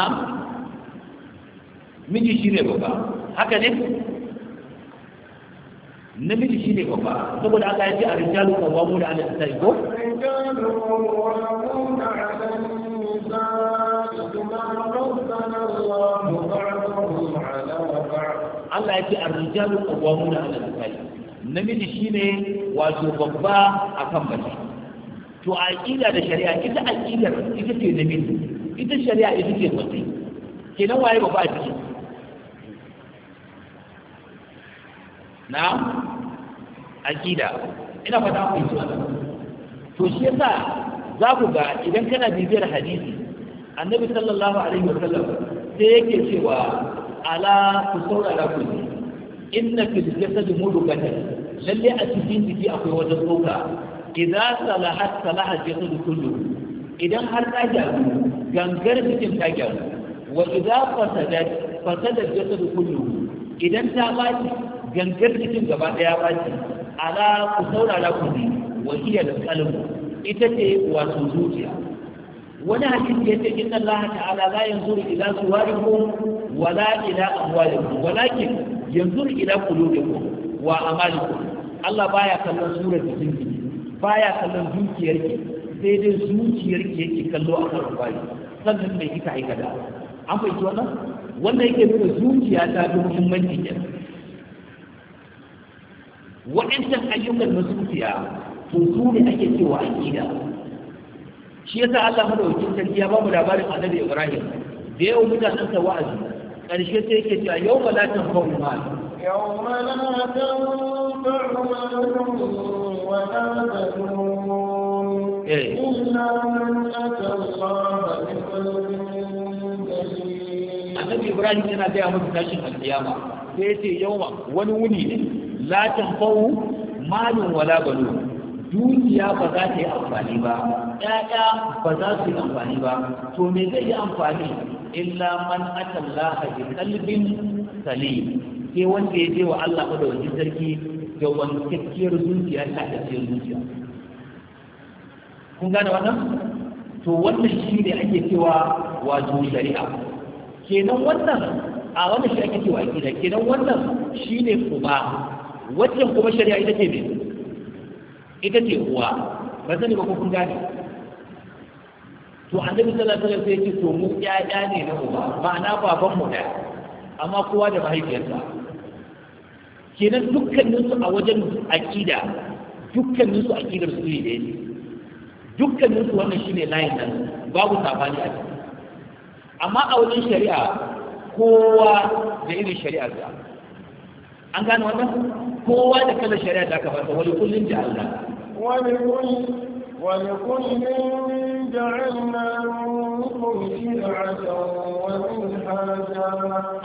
Speaker 1: miji shi ne babba haka ne namiji shi ne babba saboda aka ce a kan wamu da alal nisa'i ko
Speaker 3: Allah ya ce a kan wamu da ta nisa'i
Speaker 1: namiji shi ne wato babba akan mace to a aqida da shari'a ita aqidar ita ce nabi ita shari'a ita ce mutai kenan waye ba a ciki na aqida ina fata ku yi to shi yasa za ku ga idan kana bibiyar hadisi annabi sallallahu alaihi wa sallam sai yake cewa ala ku saurara ku inna fil jasad mudghatan lalle a cikin jiki akwai wata tsoka idza salahat salahat jasadu kullu idan har ta gyaru gangar jikin ta gyaru wa idza fasadat fasadat jasadu kullu idan ta baci gangar jikin gaba daya baci ala ku saurara ku ne wa hiya al-qalb ita ce wato zuciya wani hadisi ya ce inna Allah ta'ala la yanzuru ila suwarikum wala ila amwalikum walakin yanzuru ila qulubikum wa amalikum Allah baya kallon surar jikin baya kallon zuciyar ki sai dai zuciyar ki yake kallo a kan bayi sannan mai kika da? an fahimci wannan wannan yake nuna zuciya ta fi muhimmanci kenan waɗancan ayyukan na zuciya to su ne ake cewa aƙida shi yasa Allah madaukakin sarki ya ba mu labarin annabi Ibrahim da yau mutanen sa wa'azi ƙarshe sai yake cewa yau ba za ta la ba mal
Speaker 3: yawma la tanfa'u mal Annabi Ibrahim yana gaya musu
Speaker 1: tashin alkiyama sai yace yawan wani wuni ne la tanfa'u malun wala banun dukiya ba za ta yi amfani ba ƴaƴa ba za su yi amfani ba to me zai yi amfani illa man atallaha bi qalbin salim sai wanda ya je wa Allah madawacin sarki da wankakkiyar zuciya ta tafiyar zuciya kun gane wannan to wannan shi ne ake cewa wato shari'a kenan wannan a wannan shi ake cewa akida kenan wannan shi ne kuma wajen kuma shari'a ita ce ne ita ce kuwa? ba sani ba ko kun gane to annabi sallallahu alaihi wasallam sai ya ce to mu ƴaƴa ne na uba ma'ana baban mu da amma kowa da mahaifiyarsa kenan dukkaninsu a wajen aƙida dukkaninsu aƙidar su ne ɗaya dukkaninsu wannan shine layin nan babu sabani a ciki amma a wajen shari'a kowa da irin shari'ar da. an gane wannan kowa da kalar shari'a da aka fasa wani kullum da Allah
Speaker 3: wani kullum wani kullum جعلنا منكم شرعة ومنهاجا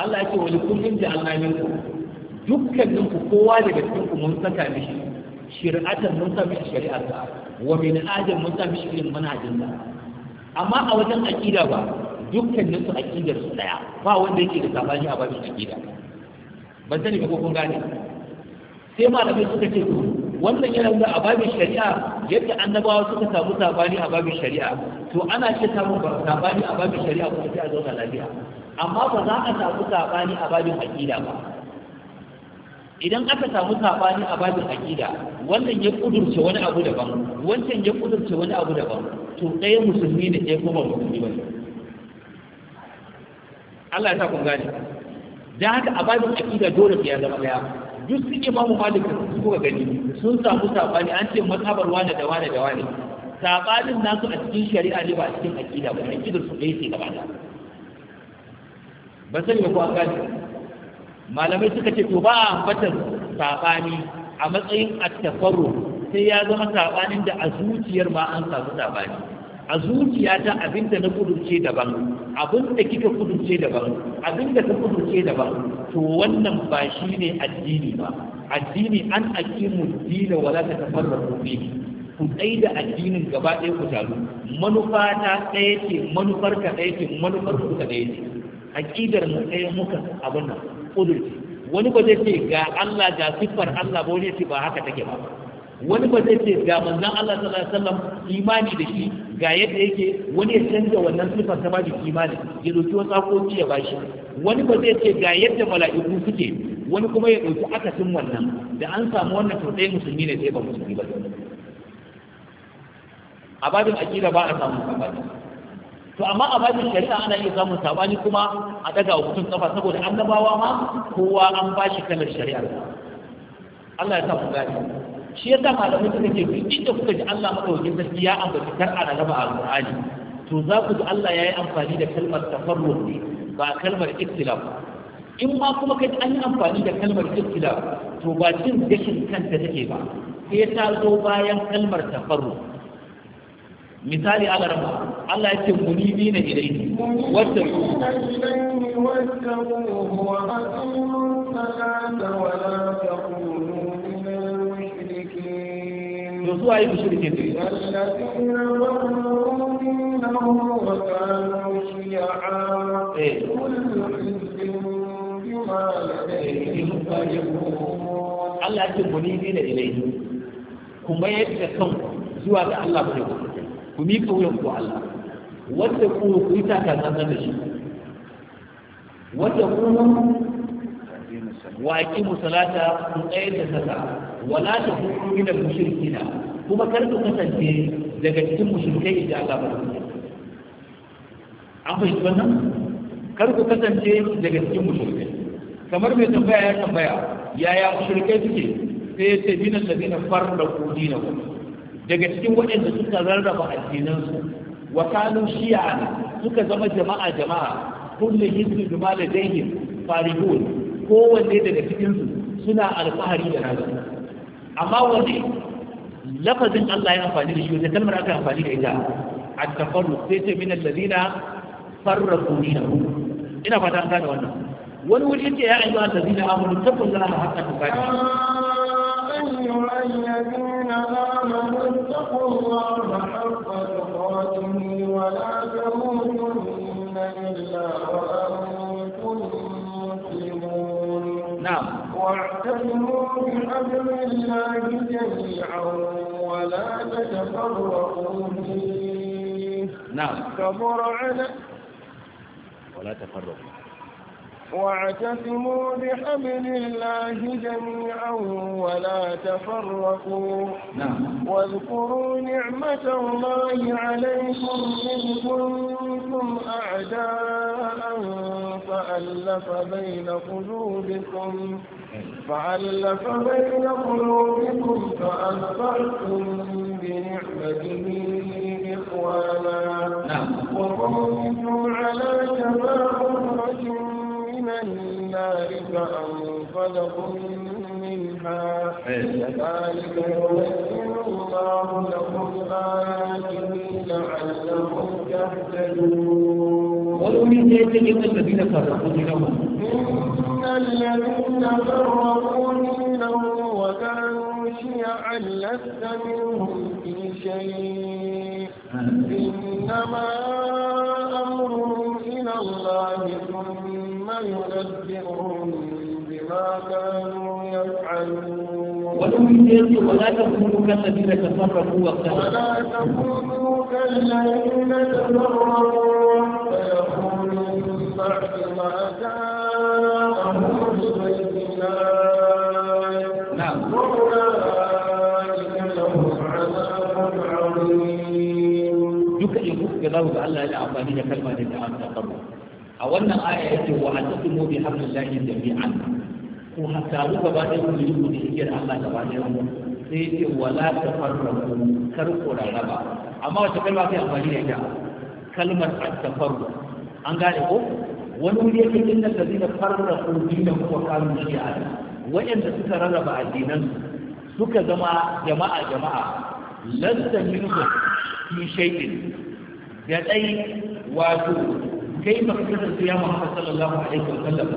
Speaker 1: الله يقول لكل جعلنا منكم dukkanin ku kowa daga cikin ku mun saka mishi shir'atan mun saka mishi shari'ar ta wa min adam mun saka mishi irin manhajin ta amma a wajen aqida ba dukkanin su aqidar su daya ba wanda yake da sabani a babin aqida ban sani ko kun gane sai malamai suka ce to wannan yana da ababin shari'a yadda annabawa suka samu sabani a babin shari'a to ana ce samun sabani a babin shari'a kuma sai a zauna lafiya amma ba za a samu sabani a babin aqida ba idan aka samu sabani a babin aqida wannan ya kudurce wani abu daban wancan ya kudurce wani abu daban to ɗaya musulmi da ɗaya kuma musulmi ba Allah ya sa kun gane dan haka a babin aqida dole ya zama ɗaya duk su imamu malik da su kuka gani sun samu sabani an ce mazhabar wani da wani da wani sabanin nasu a cikin shari'a ne ba a cikin aqida ba aqidar su ɗaya ce gaba da ba sai ko an gane malamai suka ce to ba a ambatar saɓani a matsayin attafaru sai ya zama saɓanin da a zuciyar ma an samu saɓani a zuciya ta abinda na kudurce daban abinda kika kudurce daban abinda ka kudurce daban to wannan ba shi ne addini ba addini an mu dina wala da fihi ku ɗai da addinin gaba ɗaya ku taru manufa ta ɗaya ce manufar ka ɗaya ce manufar ku ka ɗaya ce aƙidar mu ɗaya muka abin nan kudurci wani ba zai ce ga Allah ga siffar Allah ba wani ce ba haka take ba wani ba zai ce ga manzon Allah sallallahu alaihi wasallam imani da shi ga yadda yake wani ya canza wannan siffar ta bashi imani ya dauki wasu hakoki ya bashi wani ba zai ce ga yadda mala'iku suke wani kuma ya ɗauki akasin wannan da an samu wannan to ɗaya musulmi ne sai ba musulmi ba a babin akida ba a samu sabani to amma a babin shari'a ana iya samun sabani kuma a daga wa mutum kafa saboda annabawa ma kowa an ba shi kalar shari'a Allah ya sa mu gani shi ya sa malamai suka ce duk inda kuka ji Allah madaukakin sarki ya ambaci kar'a da gaba alqur'ani to za ku ji Allah ya yi amfani da kalmar tafarruq ne ba kalmar ikhtilaf in ma kuma kai an yi amfani da kalmar ikhtilaf to ba cin gashin kanta take ba sai ta zo bayan kalmar tafarruq misali a garin Allah ya ce muni bi na ilai wata
Speaker 3: to zuwa yi mushrike ne eh.
Speaker 1: Allah ya ce muni bi na ilai kuma yadda kan zuwa ga Allah ba ne ku mi kauyen ku Allah wanda ku ku yi ka zanzan da shi wanda ku waƙi musalata ku tsaye da saka wala ta hukun gina na, kuma kar ku kasance daga cikin mushrikai da Allah ba an fahimci wannan kar ku kasance daga cikin mushrikai kamar mai tambaya ya tambaya yaya mushrikai suke sai ya ce dinan da dinan da ku dinan ku daga cikin waɗanda suka rarraba addinansu wa kanu shi'a suka zama jama'a jama'a kullu hizbi bima ladayhim farihun kowanne daga cikin su suna alfahari da nasu amma wani lafazin Allah ya amfani da shi wata kalmar aka amfani da ita at-tafarruq sai ce min alladhina farraqu shahu ina fata an gane wannan wani wuri yake ya ayyuha alladhina amanu taqullaha haqqa tuqatih
Speaker 3: ayyuha alladhina amanu واتقوا الله حق تقاته ولا تموتن إلا وأنتم مسلمون نعم واعتزموا بحبل الله جميعا ولا تتفرقوا فيه نعم كبر على
Speaker 1: ولا تفرقوا
Speaker 3: واعتصموا بحبل الله جميعا ولا تفرقوا نعم. واذكروا نعمة الله عليكم إن كنتم أعداء فألف بين قلوبكم فألف بين قلوبكم فأنفعتم بنعمته إخوانا نعم. وكنتم على شفا النار فأنقذكم منها كذلك إيه. يبين الله لكم آياته لعلكم تهتدون
Speaker 1: من إن الذين فرقوا دينهم
Speaker 3: إن الذين فرقوا وكانوا شيعا لست منهم في شيء آه. إنما ينبئهم بما كانوا يفعلون ولا تكونوا
Speaker 1: كالذين تفرقوا واختلفوا ولا
Speaker 3: تكونوا كالذين تفرقوا فيقولوا بعد ما جاءهم البينات نعم واولئك لهم
Speaker 1: عذاب عظيم duka in kuka ga za ku ga Allah a wannan aya yake wa hatasimu bi hablillahi jami'an ku hasaru gaba ɗaya ku yi da igiyar Allah gaba ɗaya mu sai yake wala tafarraqu kar ku rarraba amma wata kalma kai amfani da ita kalmar at-tafarru an gane ko wani wuri yake inda lazina farraqu dinahum wa kanu shi'a wayanda suka rarraba addinan suka zama jama'a jama'a lasta minhum fi shay'in da dai wato kai ba ka kasance ya Muhammad sallallahu alaihi wa sallam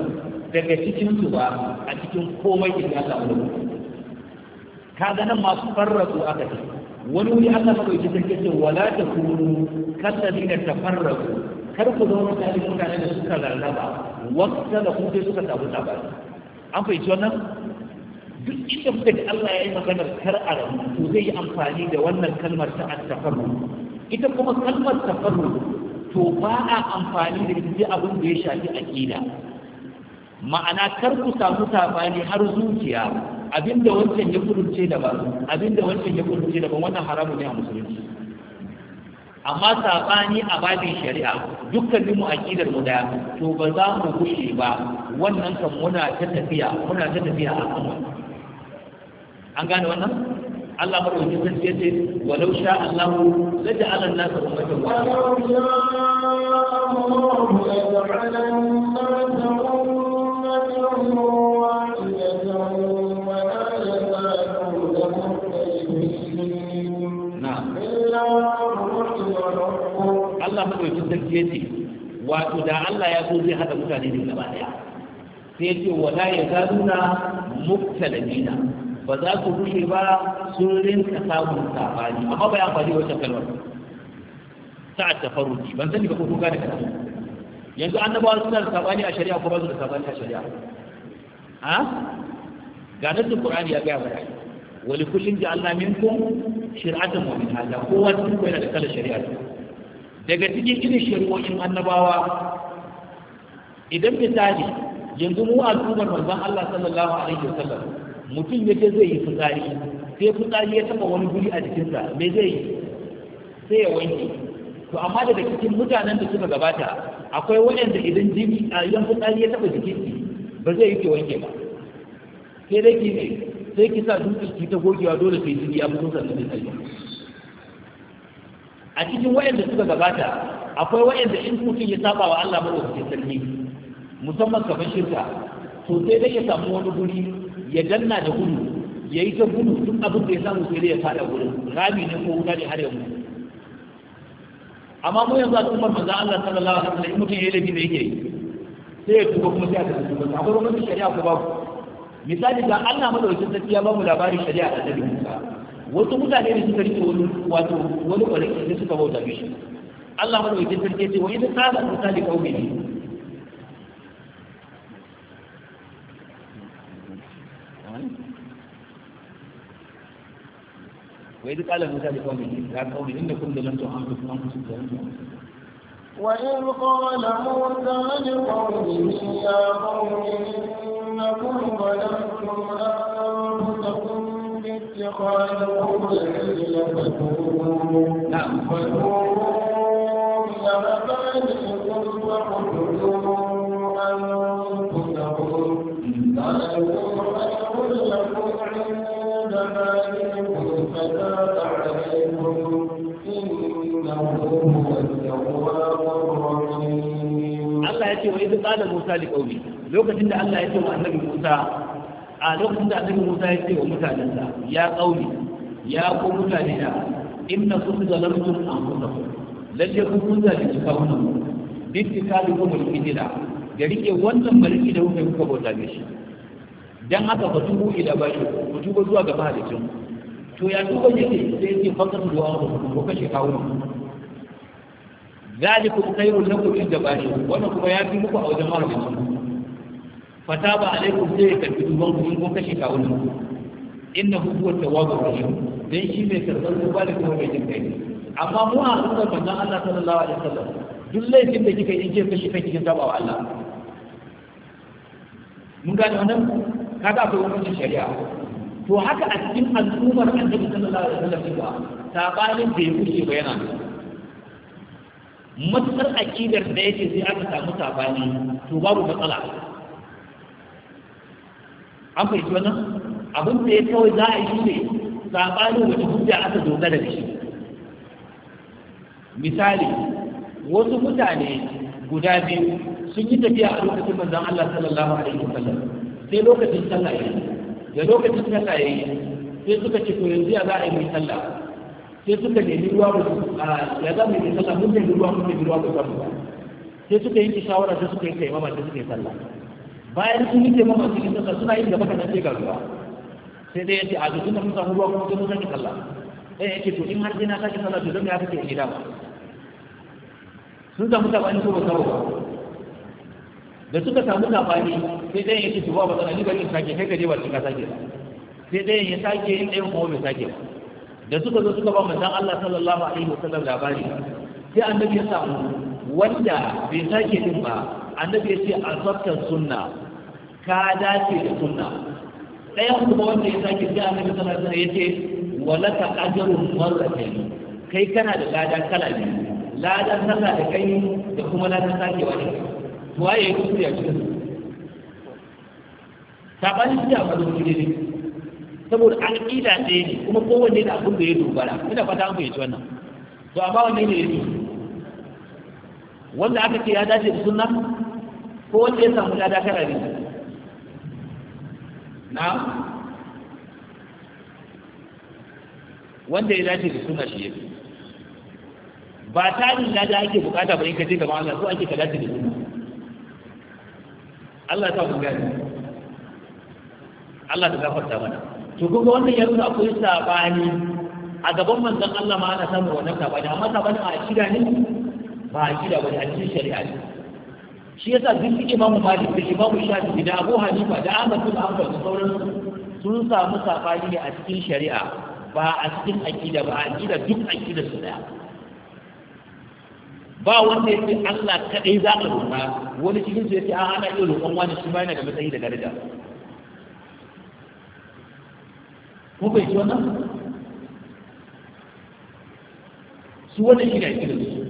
Speaker 1: daga cikin su ba a cikin komai da ya samu ka ga nan masu farrasu aka ce wani wuri Allah madauki sarki ce wala ta kunu ta tafarrasu kar ku zama mutane mutane da suka rarraba wata da kuma suka ta ba. an fahimci wannan duk inda kuka ji Allah ya yi maganar kar a to zai yi amfani da wannan kalmar ta at-tafarru ita kuma kalmar tafarru to ba a amfani da duk abin da ya shafi aƙida ma'ana kar ku samu sabani har zuciya abinda wancan ya kudurce daban abinda wancan ya kudurce daban wannan haramun ne a musulunci amma sabani a babin shari'a dukkanin mu aqidar mu da to ba za mu kushe ba wannan kan muna ta tafiya muna ta tafiya a kuma an gane wannan Allah madaukakin sarki yace walau sha Allah la ja'ala an-nasa ummatan wahida Allah madaukakin sarki yace wato da Allah ya so zai hada mutane ne gaba daya sai yace wala yazaluna muktalabina ba za su rushe ba sun rinka samun sabani amma ba ya faɗi wata kalmar sa'ad tafarruki ban sani ba ko kuka da kasu yanzu annabawa suna da sabani a shari'a ko ba su da sabani a shari'a ha ga da qur'ani ya gaya mana wali kullin min minkum shir'atan wa hada kowa cikin ku yana da kala shari'a daga cikin irin shari'o'in annabawa idan misali yanzu mu al'ummar manzon Allah sallallahu alaihi wasallam mutum ya ce zai yi fitsari sai fitsari ya taba wani guri a jikinsa me zai yi sai ya wanke to amma daga cikin mutanen da suka gabata akwai waɗanda idan jini a yan fitsari ya taba jikinki ba zai yi ke wanke ba sai dai ki ne sai ki sa dutse ki ta gogewa dole sai jini ya fito sannan da sai a cikin waɗanda suka gabata akwai waɗanda in mutum ya saba wa Allah madaukakin sarki musamman kamar shirka to sai dai ya samu wani guri ya danna da gudu ya yi ta gudu duk abin da ya samu sai ya fada gudu rami ne ko wuta ne har ya amma mu yanzu a tsumar manzan Allah sallallahu alaihi wasallam mutum ya yi laifi da yake yi sai ya tuba kuma sai a tafi tuba akwai wani shari'a ko babu misali ga Allah madaukakin sarki ya babu labarin shari'a da Annabi Musa wasu mutane da suka rike wani wato wani kwarki da suka bauta mishi Allah madaukakin sarki ya ce wa idan qala musa li qaumihi وإذ قال موسى لقومه يا قوم إنكم ظلمتم أنفسكم أنفسكم ظلمتم
Speaker 3: وإذ قال موسى لقومه يا قوم إنكم ظلمتم أنفسكم باتخاذكم نعم فتوبوا
Speaker 1: qala Musa li qaumi lokacin da Allah ya ce wa annabi Musa a lokacin da annabi Musa ya ce wa mutanensa ya qaumi ya ku mutane da inna kuntum zalamtum anfusakum lalle kun kun zalunci kawunan duk ka ko mulki dila da rike wannan mulki da kuka kuka bauta shi dan haka ba tubu ila ba shi ku tuba zuwa ga mahalicin to ya tuba yake sai yake fakar du'a ko kashi kawunan zalikum khairul lakum inda bari wannan kuma ya fi muku a wajen mahaifin fata ba alaikum sai ya karbi duban ku in ko kashe ka wannan innahu huwa tawwabur rahim shi mai karbar duba da kuma mai jin amma mu a sunnar manzon Allah sallallahu alaihi wasallam duk laifin da kika yi kin kashe kanki kin saba wa Allah mun gane wannan kaga akwai hukuncin shari'a to haka a cikin al'ummar annabi sallallahu alaihi wasallam ba sabanin da bayana matuƙar aƙidar da yake sai aka samu sabani to babu matsala an fahimci wannan abin da ya kawai za a yi ne sabani wata hujja aka dogara da shi misali wasu mutane guda biyu sun yi tafiya a lokacin manzon Allah sallallahu alaihi wasallam sai lokacin sallah yayi da lokacin sallah yayi sai suka ce to yanzu za a yi sallah sai suka nemi ruwa ba su a ya za mu yi sallah mun nemi ruwa mun nemi ruwa ba su ba sai suka yanke shawara sai suka yi kai mama suka yi sallah bayan sun yi kai mama suka yi suna yin gaba kana sai ga ruwa sai dai yace a ga tunda mun ruwa kuma sai mun sake eh yake to in har sai na sake sallah to dan ya kake gida ba sun samu tabani ko ba samu ba da suka samu tabani sai dai yake to ba ba ni bari sake kai ka je ba ka sake sai dai ya sake in ɗayan kuma bai sake ba da suka zo suka ba manzon Allah sallallahu alaihi wasallam labari sai annabi ya samu wanda bai sake din ba annabi ya ce azabta sunna ka dace da sunna sai kuma wanda ya sake sai annabi sallallahu alaihi wasallam ya ce walaka ajrun marratayn kai kana da ladan kala biyu ladan sallah da kai da kuma ladan sakewa da kai waye ya kuskure a cikin sabanin da ba zo cikin saboda aƙida ɗaya ne kuma kowanne da abin da ya dogara ina fata an fahimci wannan to amma wanne ne ya wanda aka ce ya dace da sunna ko wanda ya samu lada kana ne na wanda ya dace da sunna shi yake ba tarin da ake bukata ba in ka je gaba Allah so ake ka dace da sunna Allah ya sa mu gani Allah ta gafarta mana to kuma wannan ya nuna akwai sabani a gaban manzon Allah ma ana samun wannan sabani amma sabani a shida ne ba a shida ba a cikin shari'a ne shi yasa duk imamu Malik da imamu Shafi da Abu Hanifa da Ahmad bin Hanbal da sauran sun samu sabani ne a cikin shari'a ba a cikin aqida ba a aqida duk aqida su daya ba wanda ya ce Allah kadai za ka roƙa wani cikin su ya ce a ana iya roƙon wani shi ma yana da matsayi da daraja mu bai ci wannan su wannan shi ne yi su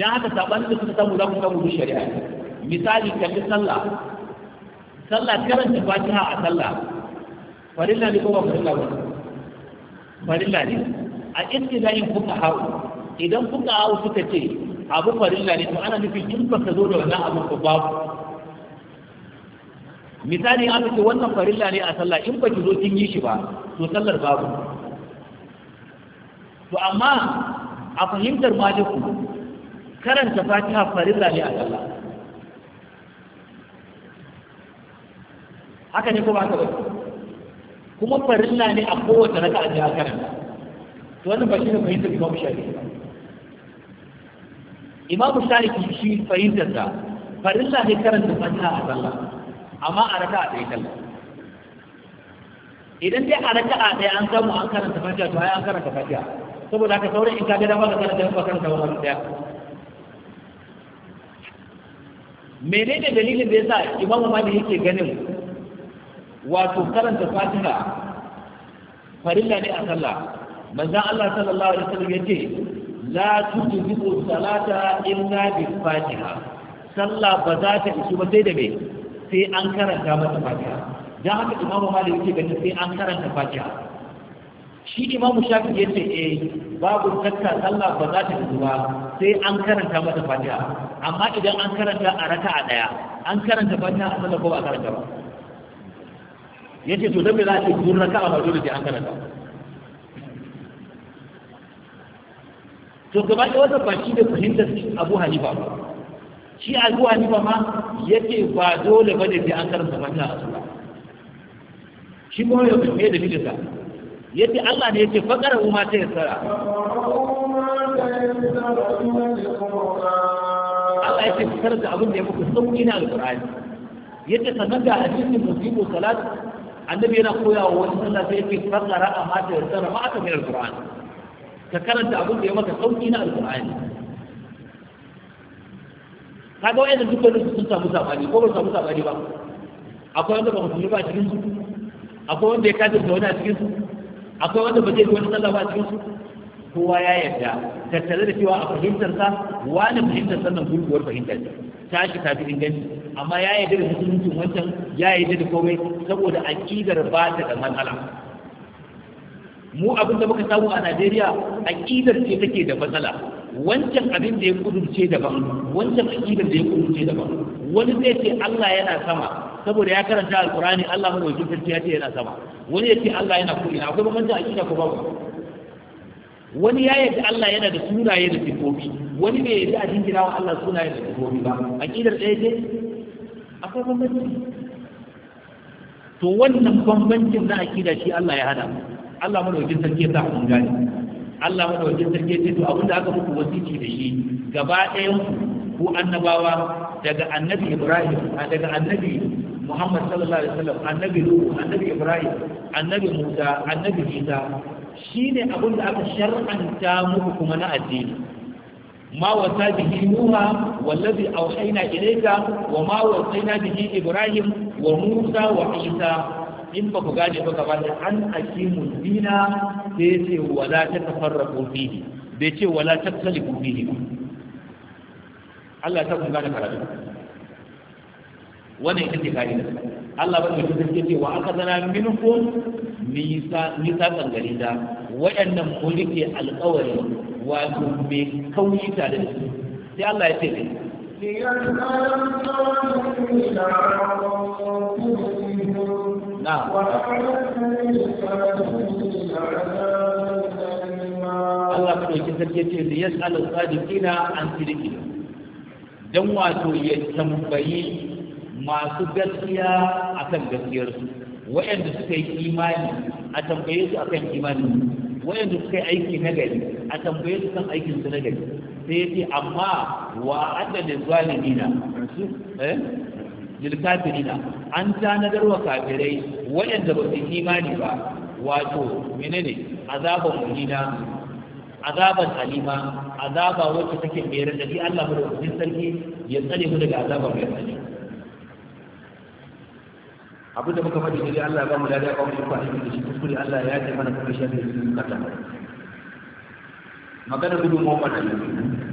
Speaker 1: dan haka sabanin da suka samu za ku samu shari'a misali kalli sallah sallah karanta fatiha a sallah farilla ne ko ba farilla ba farilla ne a iske yi kuka hau idan kuka hau suka ce abu farilla ne to ana nufin in ba ka zo da wannan abu ba babu misali an ce wannan farilla ne a sallah in baki zo kin yi shi ba to sallar babu to amma a fahimtar maliku karanta fatiha farilla ne a sallah haka ne ko ba haka ba kuma farilla ne a kowace raka a jiya karanta to wannan ba shi ne fahimtar imamu shafi imamu shafi shi fahimtar da farilla ne karanta fatiha a sallah amma a raka a ɗaya sallah idan dai a raka a ɗaya an samu an karanta fatiha to ai an karanta fatiha saboda haka sauran in ka ga dama ka karanta ba karanta ba wani ɗaya menene dalilin da yasa imamu da yake ganin wato karanta fatiha farilla ne a sallah manzon Allah sallallahu alaihi wasallam yace la tujibu salata illa bi fatiha sallah ba za ta isu ba sai da me sai an karanta mata fatiha dan haka imamu malik yake ganin sai an karanta fatiha shi imamu shafi ya ce eh babu takka sallah ba za ta gudu ba sai an karanta mata fatiha amma idan an karanta a raka'a daya an karanta fatiha a sallah ko a karanta ba yace to dan me za a ce gudu raka'a ba dole sai an karanta to gaba da wata shi da fahimtar abu hanifa ba shi ni ba ma yake ba dole bane sai an karanta fatiha a sura shi kuma yau me da ta yace Allah ne yake fakara umma ta yassara Allah yake fakar da abin da ya muku sauki na alqur'ani yace sanan da hadisin musibu salat annabi yana koya wa wani sallah sai yake fakara amma ta yassara ma aka min alqur'ani ka karanta abin da ya maka sauki na alqur'ani kaga wayannan duk wani sun samu sabani ko ba samu sabani ba akwai wanda ba musulmi ba a cikin su akwai wanda ya kafir da wani a cikin su akwai wanda ba zai wani sallah ba a cikin su kowa ya yarda tattare da cewa a fahimtar sa wani fahimtar sannan gurguwar fahimtar ta shi fi inganci amma ya yarda da musulunci wancan ya yarda da komai saboda aqidar ba ta da matsala mu abin da muka samu a Najeriya aƙidar ce take da matsala wancan abin da ya kudurce daban wancan aƙidar da ya kudurce daban wani zai ce Allah yana sama saboda ya karanta alkurani Allah mai wajen sarki ya ce yana sama wani ya ce Allah yana kullina akwai bambancin aƙida ko babu wani ya yadda Allah yana da sunaye da sifofi wani bai yadda a jingina wa Allah sunaye da sifofi ba aƙidar ɗaya ce akwai bambanci to wannan bambancin na aƙida shi Allah ya hada mu Allah madaukakin sarki ya sa mun gane Allah madaukakin sarki ya ce to abinda aka muku wasiki da shi gaba ɗayan ku annabawa daga annabi Ibrahim daga annabi Muhammad sallallahu alaihi wasallam annabi Nuhu annabi Ibrahim annabi Musa annabi Isa shine abin da aka shar'anta muku kuma na addini ma wasa bihi nuha wallazi auhayna ilayka wa ma wasayna bihi ibrahim wa musa wa isa in ba ku gane ba gaba da an akimu dina sai ce wala ta tafarraqu fihi bai ce wala ta talibu fihi Allah ta kun gane karatu wannan yake ce ka'ida Allah ba mu tafi ce wa aka zana minkum nisa nisa kangare da wayannan mulki alƙawari wato me ta da su sai Allah ya ce ne
Speaker 3: Allah ka ɗauki sarki ce da ya tsala sadiqina an
Speaker 1: sirki don wato ya tambayi masu gaskiya akan gaskiyarsu waɗanda suka yi imani a tambaye su akan imanin waɗanda suka yi aiki na gari a tambaye su kan aikin su na gari sai ya ce amma wa adadin zalimina su lilkafirina an tanadar wa kafirai wayanda ba su imani ba wato menene azaban mulina azaban alima azaba wacce take mai radadi Allah mu da sarki ya tsare mu daga azaba mai radadi abin da muka faɗi ne Allah ba mu da ya ba mu ikon aiki da shi kuskure Allah ya ce mana kuma shi ne kata magana gudun mu wannan